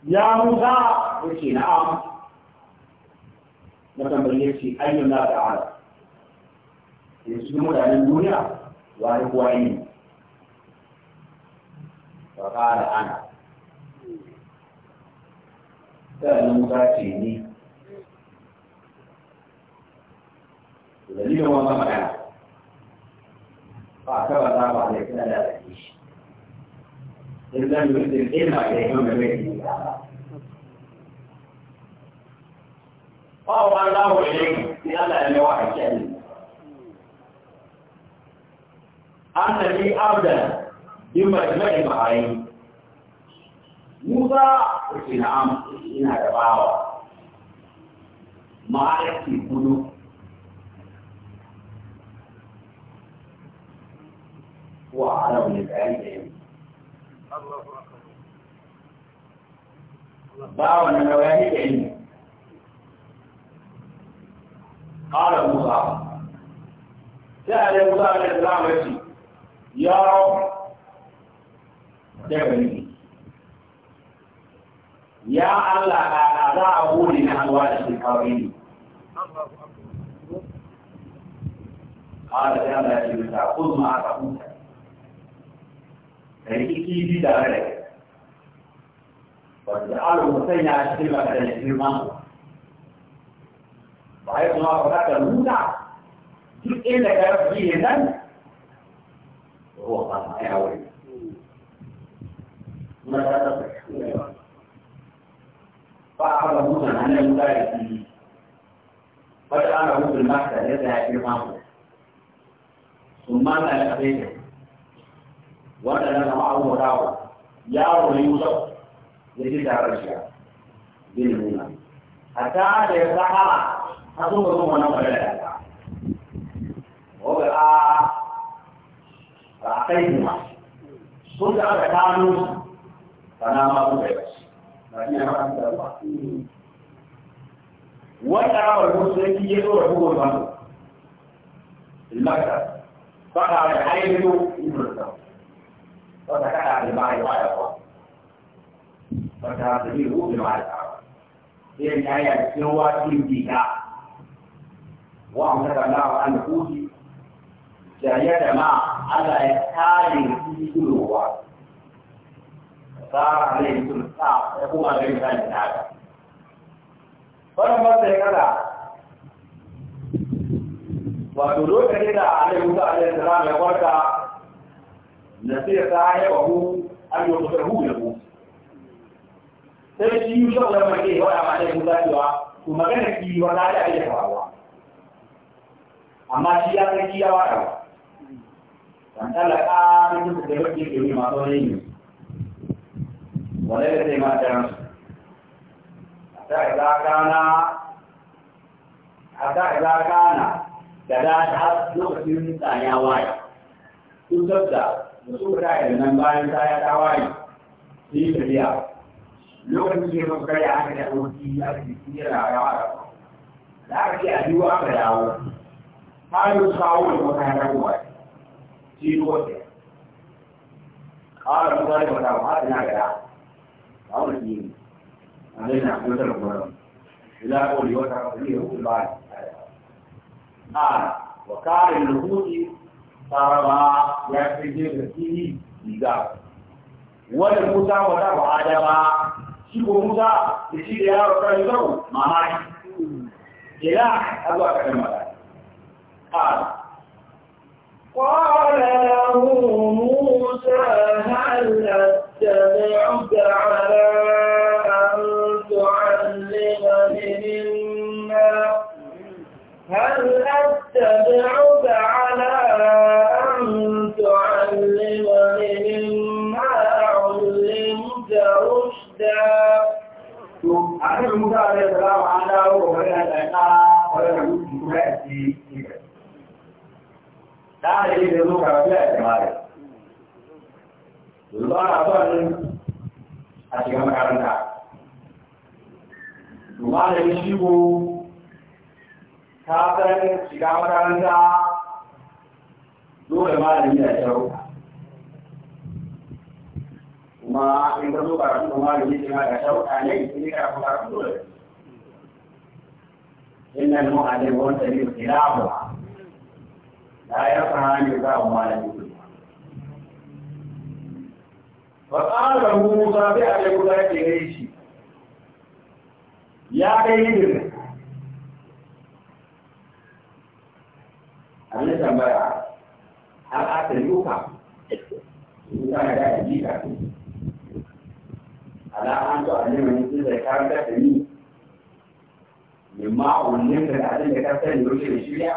ya musa yake na'am na tambaye shi ayyun na ta'ala yanzu cikin mutanen duniya wani kuwa ne wa ƙara ana sa'anin musa ce ni dalilin wannan magana ba a kaba za ba da ya fi da da shi in zan yi da ilma da ya kama mai da ya ọ̀pọ̀ aláwọ̀ eléyìí ní aláìlẹ́wà ẹ̀kẹ́ ni. a nà ní abdà bí mẹ́jọ́ ìbàáyí musa òsìnà ìsìnà ìbáwà máa ẹ̀kì kúrú wà aláwọ̀ ìbáyí Báwọn ẹ̀rọ ẹ̀rí ẹ̀yìn قال موسى سأل موسى عليه السلام يا رب دعني يا الله أنا أقول إن أنواع الشياطين قال يا الله يا موسى خذ ما أعطاك فإنكي بدارك وجعله سيئة شبكة للإيمان وحيث المودع دي ايه اللي كانت فيه هنا وهو طبعا يا ولد ما تصح فأخذ موسى عن المدارس فجعله في المكتب يذهب في مصر ثم أنا لقيته وأنا لما معه راوي يارو يوسف يجد على الرجال بالمنى حتى يسحر 他中国中国能回来的，我给他打黑子嘛，不是二百八路，把他妈不给了，那一两万得吧？我打我公司直接做了不够专注，那个，把他的还有一种一种的，我才看他的妈也坏了，我才他的礼物给妈也打了，别人家也青蛙进地下。wa an ta kalla wa an kuji da ya dama ala ya tare shi gudu wa tsara ne su ta ya kuma ga mutane da haka farma sai kada wa to da Allah ya zuwa Allah ya zama ya kwarta nasiya ta ya wahu an yi wata hu ya sai shi yi shi wani mai kai wa ya ma ne kuma kana ki wa ta ya yi kawawa amma shi ya sarki ya wada dan talaka mun duk da yake ke yi masu ne ne wala da sai ma da ta idza kana hatta idza kana da da har lokacin tsanya waya sun sabda da su da nan bayan ta ya ta waye shi tafiya lokacin da ya kai aka da wuci ya ci tira rawa da aka ce a biyu aka dawo قالوا شاول وكان واحد في قوته قال ابو طالب وكان هذا نعم قال الدين علينا حدود القرآن إلى قول يوسف فيه في البعض قال وكان النفوس صارما يكفي فيه إيجاب والموسى وتابع آدم شكو موسى يشير يا رب العالمين معنا إلى أبو أكرم الله قال قال له موسى هل أتبعك على أن تعلمني مما هل أتبعك على أن تعلمني مما علمت رشدا Annabi Musa alaihi salam an dawo da wannan da da yake zo karatu a jama'a yanzu ana son a shiga makaranta Duma da yi shigo ta san shiga makaranta dole ma da yi da sharuka. Kuma in ka zo karatu kuma da yi shiga da sharuka ne in yi karatu karatu dole. Inna al-mu'alim wa tabi'u khilafuha لا يقع أن يقام مالك فقال له موسى بأبي قدرة إليه يا كيدر abin tambaya har aka yuka yuka da ya ji ala an to a neman sun zai karanta da ni mimma wannan da da ka sani yau da shirya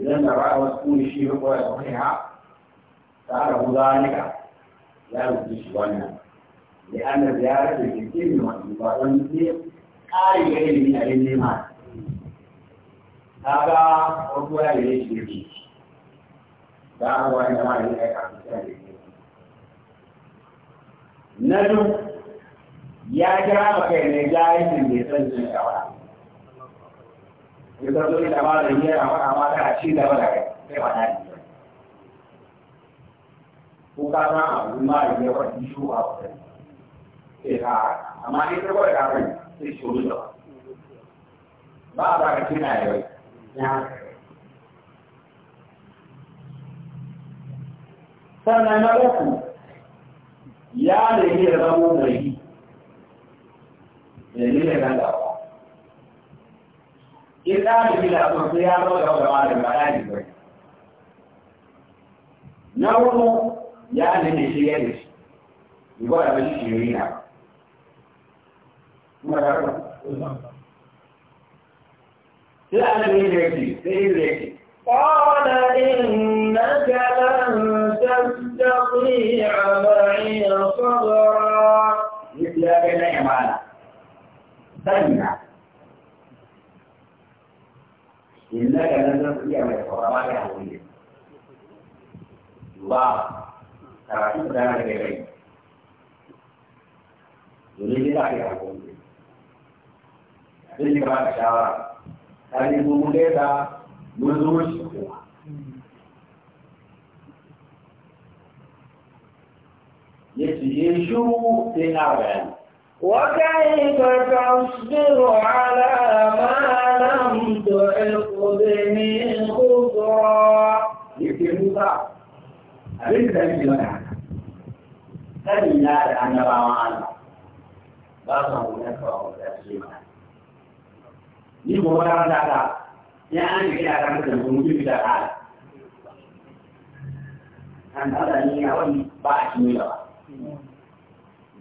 idan da ba wasu kuni shi ya koya da kai ha ta rabu zalika ya rubuta shi wannan da an da ziyarar da ke cikin wani ba don ne ƙari ga ilimi a yin nema ta ga wasu ya da ya shi ne da an wani da ma da ya kasu ta da na duk ya kira maka ne jahilin da ya san zuwa ya zarto ne da mara da yana faɗa ma ta ci gaba da kai sai ba na yi ko ka san abu ma da ya faɗi shi ba ku sai ka amma ne ta kawai ka kai sai shi wani gaba ba a ba ka kina yau ya sannan na uku ya da yake da zama mai yi da ne da ganda ba in ɗalibi da sun ya zo da gaba da bayani bai na hudu ya nemi shi ya da shi yi ba da mashi shiri na sai annabi ne yake sai yin yake قال إنك لن تستطيع معي صبرا مثل كلمة سنة إنك لن تستطيع أن يتفرغ لهوية يضاعف تراكيب ذلك إليه يريد لك الهوية أدرك بعد شهر هذه المولدة منذ الشكوى يسجل شو في الأربعين وكيف تصبر على ما لم تحق به خبرا يمكن موسى abin da nake mana haka sani na da annabawan Allah ba su hamu na kawo da su mana ni ko wata wata ka ya an yi da kan da mutum da ka an da ni ya wani ba a cikin ba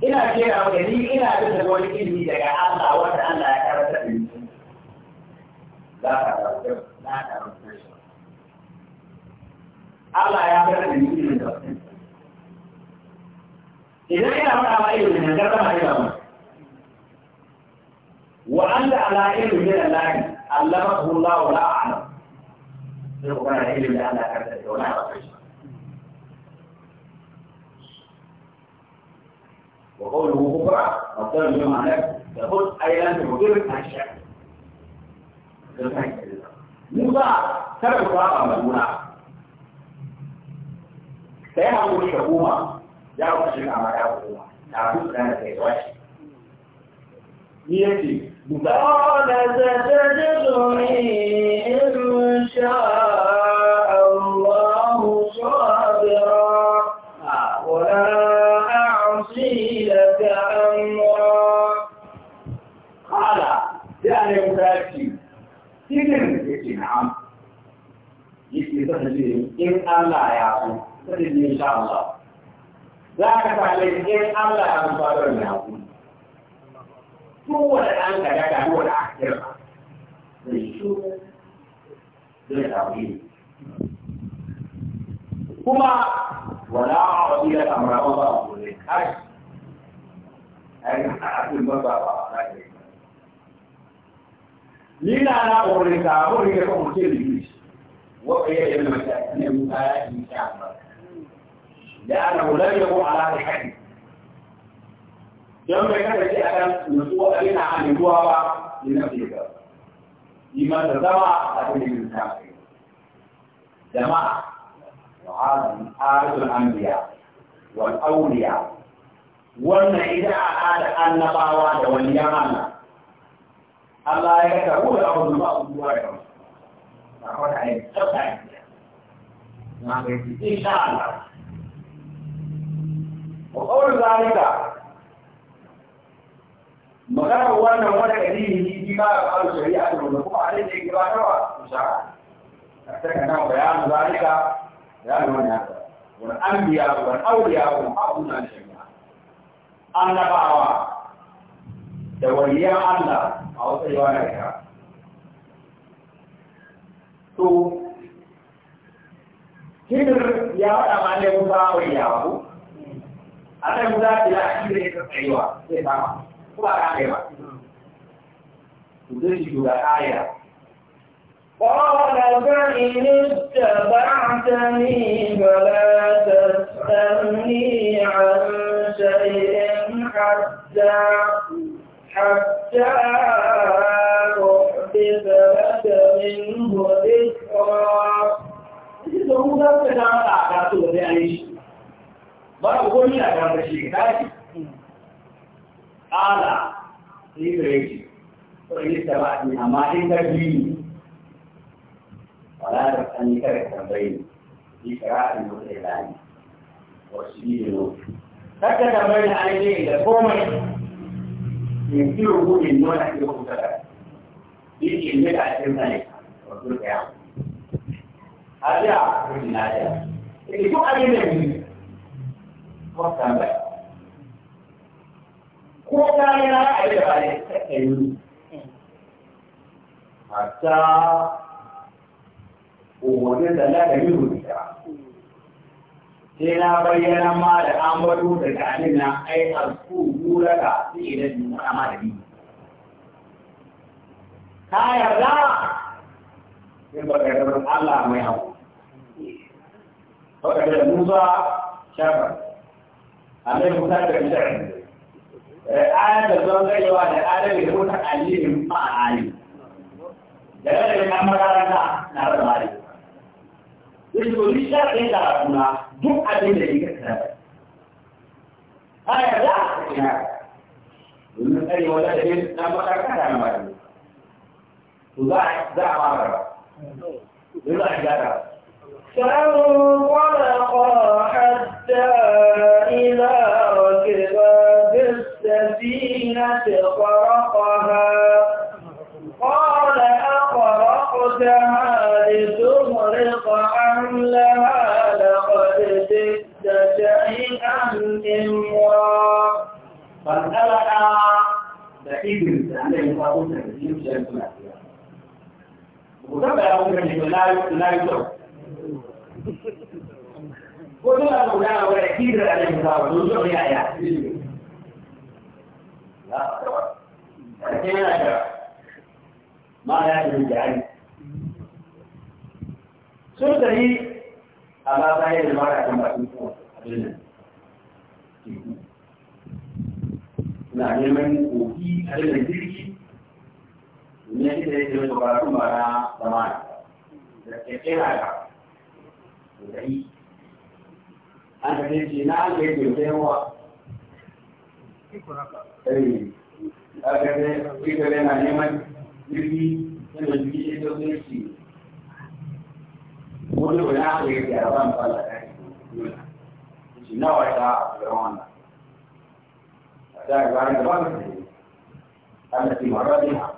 ina kera maka ni ina bin da wani ilimi daga Allah wanda Allah ya karanta da ni za ka karanta za ka karanta Allah ya karanta da ni ilimin da idan ina faɗa ma ilimin nan karɓa ma ilimin wa anta ala ilmin min Allah allamahu Allah wa la a'lam sai ku kana ilimin da Allah ya karanta da wani abu وقوله بكرة مصدر اليوم معناه تقول أي أنت مدير عن الشعب موسى سبع قراءة مجموعة سيهم الحكومة يعرف الشيء على يعرف الله تعرفون كان في الوحي يأتي قال ستجدني إن شاء suka ce in Allah ya so suka ce insha Allah za ka sale in Allah ya so ba da ya so kowane ɗan ka daga kowane akira zai shi zai tafi kuma wala a wani da kamarawa ba a kore kai ai a cikin ba ba ba na ke ni na na kore ka kore ka kuma ce da yi وقيل لما تأتيهم آيات إن شاء الله لأنه لم يكن على الحد لما كانت أن نسوء أين عن الوهبة لنفسك لما تزرع أكل من سامك جماعة وهذا من آل الأنبياء والأولياء وأن إذا أعاد النبوة واليمن الله يكتبون أول ما أبوه أخوات عليهم شرط عليهم نعم إن شاء الله وقول ذلك magana wannan wani dalili ne shi ba a kawo shari'a da wanda kuma a da yake ba nawa su shara a saka nan bayanin zalika bayanin wani haka wani an biya wani auliya wani abu na shari'a annabawa da waliyan allah a wasu yawa na kira to hidir ya wada ma ne musa wa ya wu ana musa bila hidir ka tsayuwa sai ba ko ba ka ne ba to dai shi ga aya قال اتبعتني فلا تسألني عن شيء حتى حتى أحدث لك منه da ta a kasu da an yi shi ba na ala amma wala da tambayi ni in wasu ne tambayi an yi da komai gudun nuna kiro kusa da ni da a cikin mutum ɗaya a da mutum na ɗaya da duk abin da ne wata ba ko ta yi na a yi da ba ne ta yi hatta umarnin da na ɗari rubuta sai na bayyana ma da amadu da ganin na ai alku gura ka sai idan na ma da biyu ka yarda sai ba ka rabar Allah mai hau haka da Musa shafa Allah Musa da shafa ayar da zuwa zaiwa da adalci da mutan alimin ma a ali da rarrabe na makaranta na rabari Yake wani shafin karatuna duk abin da ya kasa. Haya za a kasa domin tsari wanda da yin na makarkata na mara to za a ba a فانطلقا حتى إذا ركبا في السفينة قال أخرقتها لتغرق أهلها لقد جئت شيئا إمرا فانطلقا بعيد عن الإنسان وكما يقول لا لا يدرك وكما مولانا ولا كثير على المساواة نرجع يا يا لا لكن لا ما يعرف الجاهل سنة هي dunia ini dari zaman kepada kembara zaman dari era dari anda dari Cina dari Tiongkok dari ada dari kita dari Yaman dari yang lebih itu dari Cina Mulu wala ke ya ran pala kai. Sina wa ta ran. Ada garan garan. Ada ti maradiha.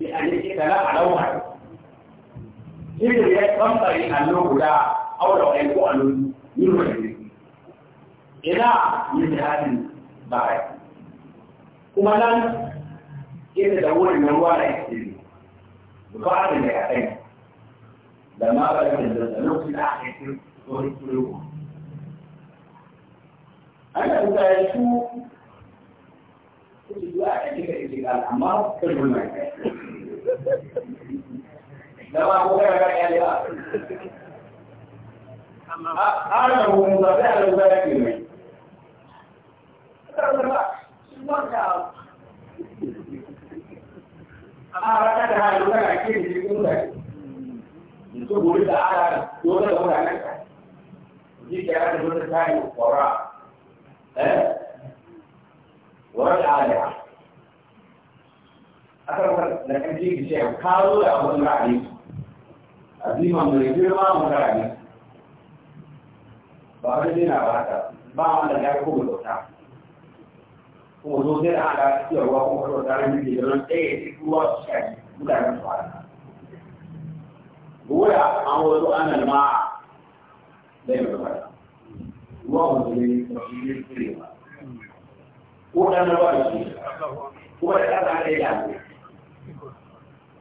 بأنك تلا على وحده جبريل ينبغي أن نقول أو لو أنكو أن ينبغي إلى مثل هذه بعد kuma nan ita da wurin na ruwa na ikiri bukatun da ya kai da ma ba da da lokacin da aka yi tsohon tsohon an da kuka yi su kuka yi a cikin ikiri amma kuka yi mai kai لما هو كان يعني أنا هو مضافع لذلك مني أعرفت هذا الوضع أكيد يكون ذلك يقول لك على دولة دولة نفسها دي كلام دولة ثانية وراء ورد عليها akan da kan ji ki ce ka zo da abun da ake azima mai girma mu da ne ba da dina ba haka ba wanda ya ko mu dauka kuma zo sai an da ki ruwa kuma ko da ran ji da ran tsaye ki ruwa shi mu da ran fara goya an wato an alma da yau da fara ruwa wanda ne shi ne ko dan ruwa shi ko da ta da ya ne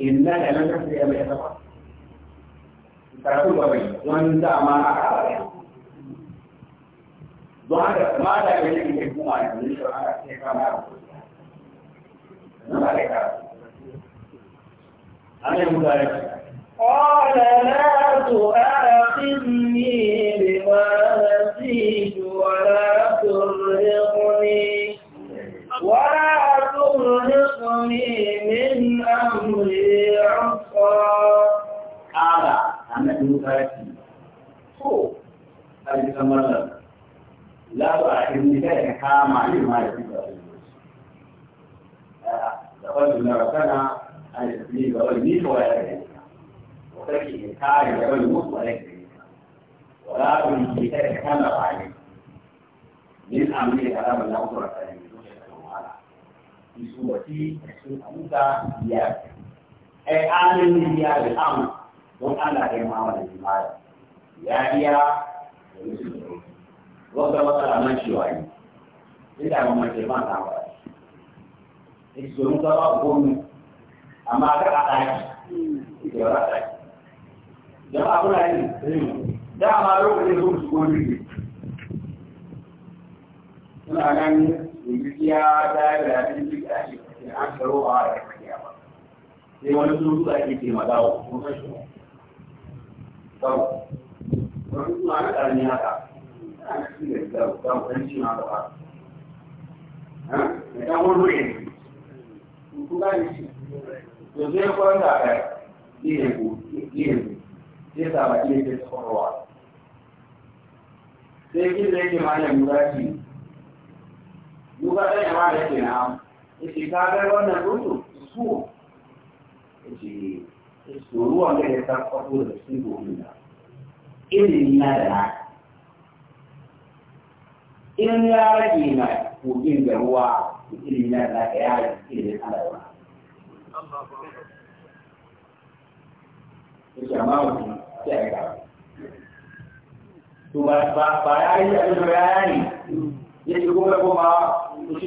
إنك لن تستطيع أن يتفقه karatun ba bai wani dama a kara don haka ma da ya yi ne kuma a yanzu shi ana ce kama a na ba da kara ana yi mutane قال لا fi su da biyar ai amin ya da am don Allah ya ma wannan jima'i ya iya da musu wanda wata nan cewa ne inda mun mace ban ta ba ita mun ga ba gomi amma ka a dai ita ba dai jama'a kuna yin da ma lokacin da su gomi suna nan da ya da da da اشتروا على القيامه sai wani sun zuwa ake ce mazawa kun san shi sau wani suna na ƙarni haka ana cikin da gida ba mu san shi na gaba da ɗan wani wuri ne ku gane shi yanzu ya kwan da kai ne ku ne ku sai sa ba ne ke tsakarwa sai kin da yake malam murashi Duka ɗaya ma da yake na'am yace ka ga wannan rutu su yace su ruwan da ya ta faɗo da cikin domin da ilimi na da na in ya na kogin da ruwa ilimi na na ka ya rage ilimin ana da wani yace amma wani sai a gaba to ba ya yi abin da ya yi yace kuma kuma su ci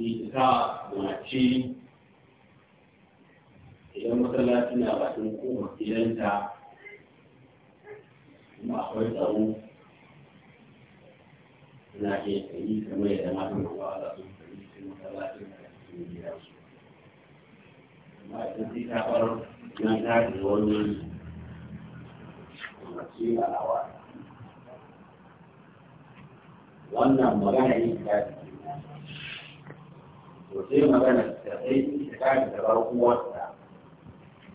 itika mace idan masallaci na bakin koma gidanta kuma akwai tsaro na ke tsayi kamar yadda matan kowa za su tsayi cikin masallacin da cikin su amma idan sai ta bar nan ta ke wani mace a awa wannan magana yin ta to sai magana ta sai ta kare da bar uwarta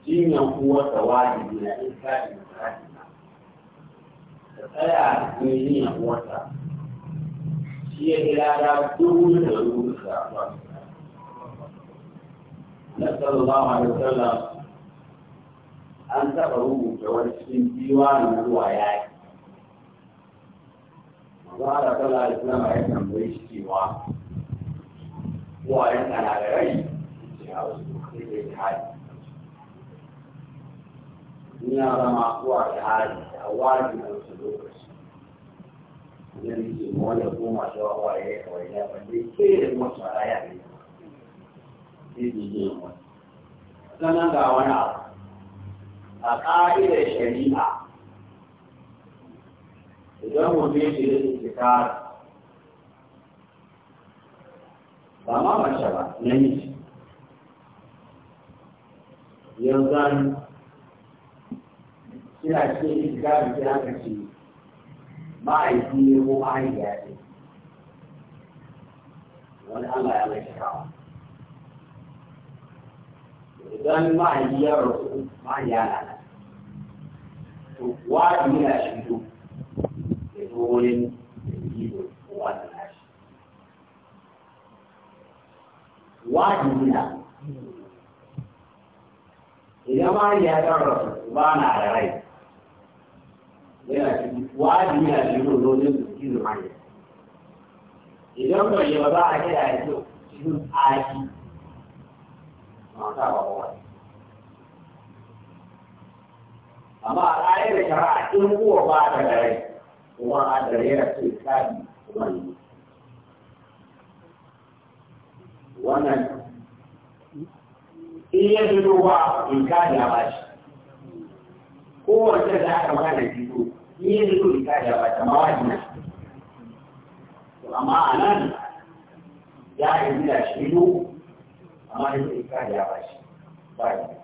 jinyan uwarta wajibi na in ka da misali na ta tsaya ne jinyan uwarta shi ya kira da dole da rubuta da uwarta na sallallahu alaihi wasallam an taɓa rubuta wani cikin diwanin zuwa yaƙi. Maza da sallallahu alaihi wasallam ya tambaye shi cewa waɗanda na da rai zama zuwa da hari da wani na wasu lokaci ina nake wanda goma da da ga wani abu idan mutum ya ba ma mace ba namiji yanzu suna ce yin gari da aka ce ma'aiki ne ko mahaifiya ce wani Allah ya mai shakawa idan ma'aiki ya rasu mahaifiya na nan to wajibi na shi to ya zo wani wajibi idan ma ya tsara ba na da rai yana cikin wajibi na cikin rojin su cikin manya idan bai yi ba za a kira ya ce cikin aki mata ba kowa amma a ƙa'idar shari'a in kuwa ba ta da rai kuma a da rai ya ce kadi kuma ne ومن إلى جنوبا إن كان يباش هو أنت لا كمان يجيبه إلى كان يباش ما وجدنا وما أنا يا إبن أشيلو ما يجيب إن كان يباش طيب آية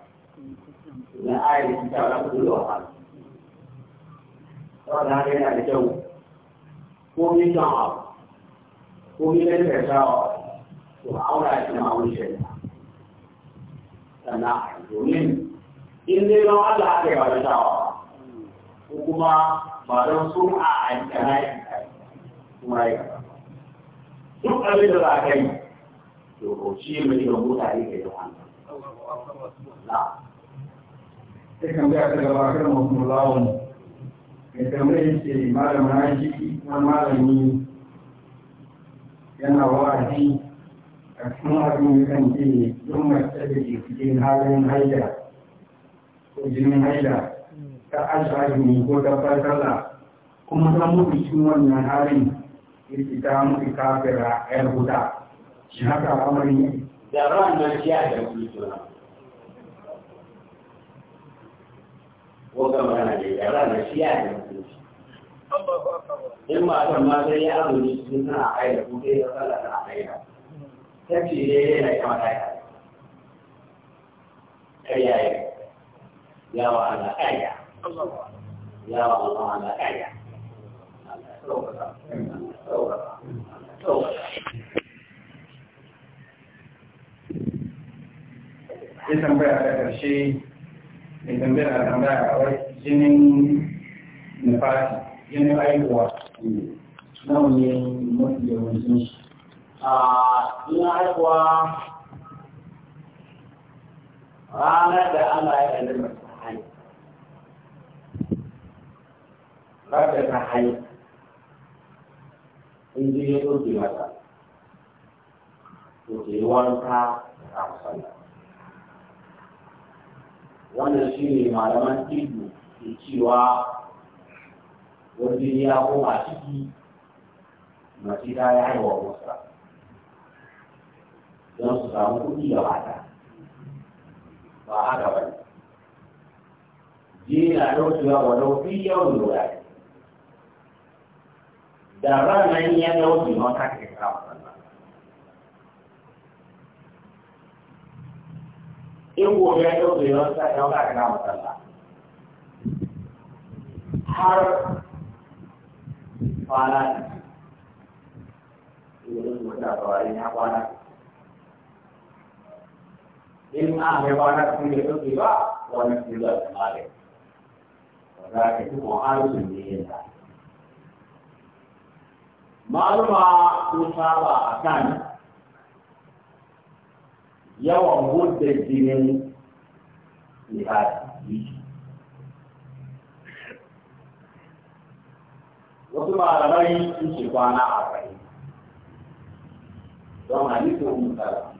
لا أعلم إن شاء الله كل واحد طبعا هذا الجو هو من جاء هو من الفساد to aura shi ma wani shari'a sana'a domin in dai don Allah aka yi wani shawa ko kuma ba don sun a aikana yi kuma yi duk abin da za ka yi to ko shi mai da mutane ke da wannan na sai kan ga ta gaba kan mutum lawon ya tambaye ce malam na shi na malami yana wa'azi kafin abin kan ce sun mace da ke cikin halin haila ko jinin haila ta ashari ko ta fasala kuma ta mutu cikin wannan halin ita ta mutu kafira yar huta shi haka amarin yake da ran nan shi a da kultura wanda mana ne da ran nan shi a da kultura in ma san ma sai ya azumi sun sana aida ko sai ya sallata aida ta yanci ne yana kama kaya kariya ya ya wa ala kariya ya wa Allah ala kariya ya tambaya da ƙarshe mai tambaya da tambaya a wai jinin nufati jinin aihuwa na wani mafi yawancin shi ina haihuwa ranar da Allah ya ɗan ta hanyar. Ranar ta hanyar, in ji ya ɗauki mata, to ke yi wanka a musalla. Wannan shi ne malaman ido ke cewa wajen ya koma ciki, mace ta yi haihuwa musa. don su samu kuɗi da mata ba haka ba ne jina lokacewa walau fi yau lura da ranar ya dauki mata ke kama sannan in gobe ya dauki mata ya dauka ka kama sannan har kwana ne. Ibu da su mata a tsawarin ya kwana in an gaba na kuma ya ba wani kuma da mare ba za ka ji mu'amalin ne yana ma'aluma saba a kan yawan hudda jinin jihadi wasu malamai sun ce kwana arba'in don halittar mutane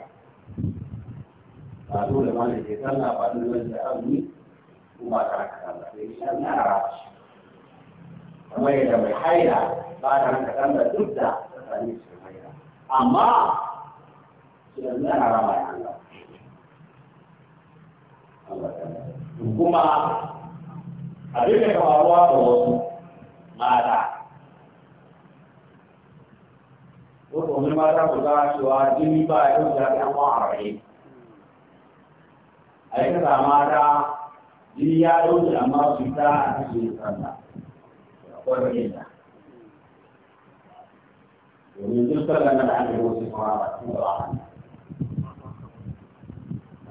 ba dole ma ne ke sallah ba dole ne da azumi ko ba ta haka sallah sai shi an yana rashi kamar yadda mai haila ba ta haka sallah duk da ta sami shi haila amma shi an yana rama ya Allah kuma abin da kawawa da wasu mata wasu wani mata ku za su wa jini ba ya yau da ya kwan arba'in a yi kasa mata jini ya dauke amma su ta a kashe sanda ƙwarfin da domin duk sallan da aka yi wasu kuma ba su da ba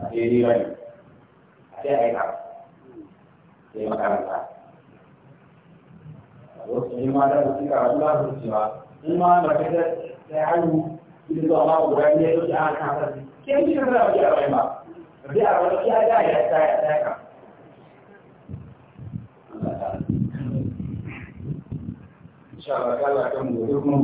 a daidai rai a sai a yi kasa sai makaranta wasu ne ma da su kara kula su cewa in ma ba ta sai hannu ita zuwa ma guda ne ya dauke aka kasa sai an ci kasa da wajen arba'in ba biya wani iya da ya sa ya saka Allah kan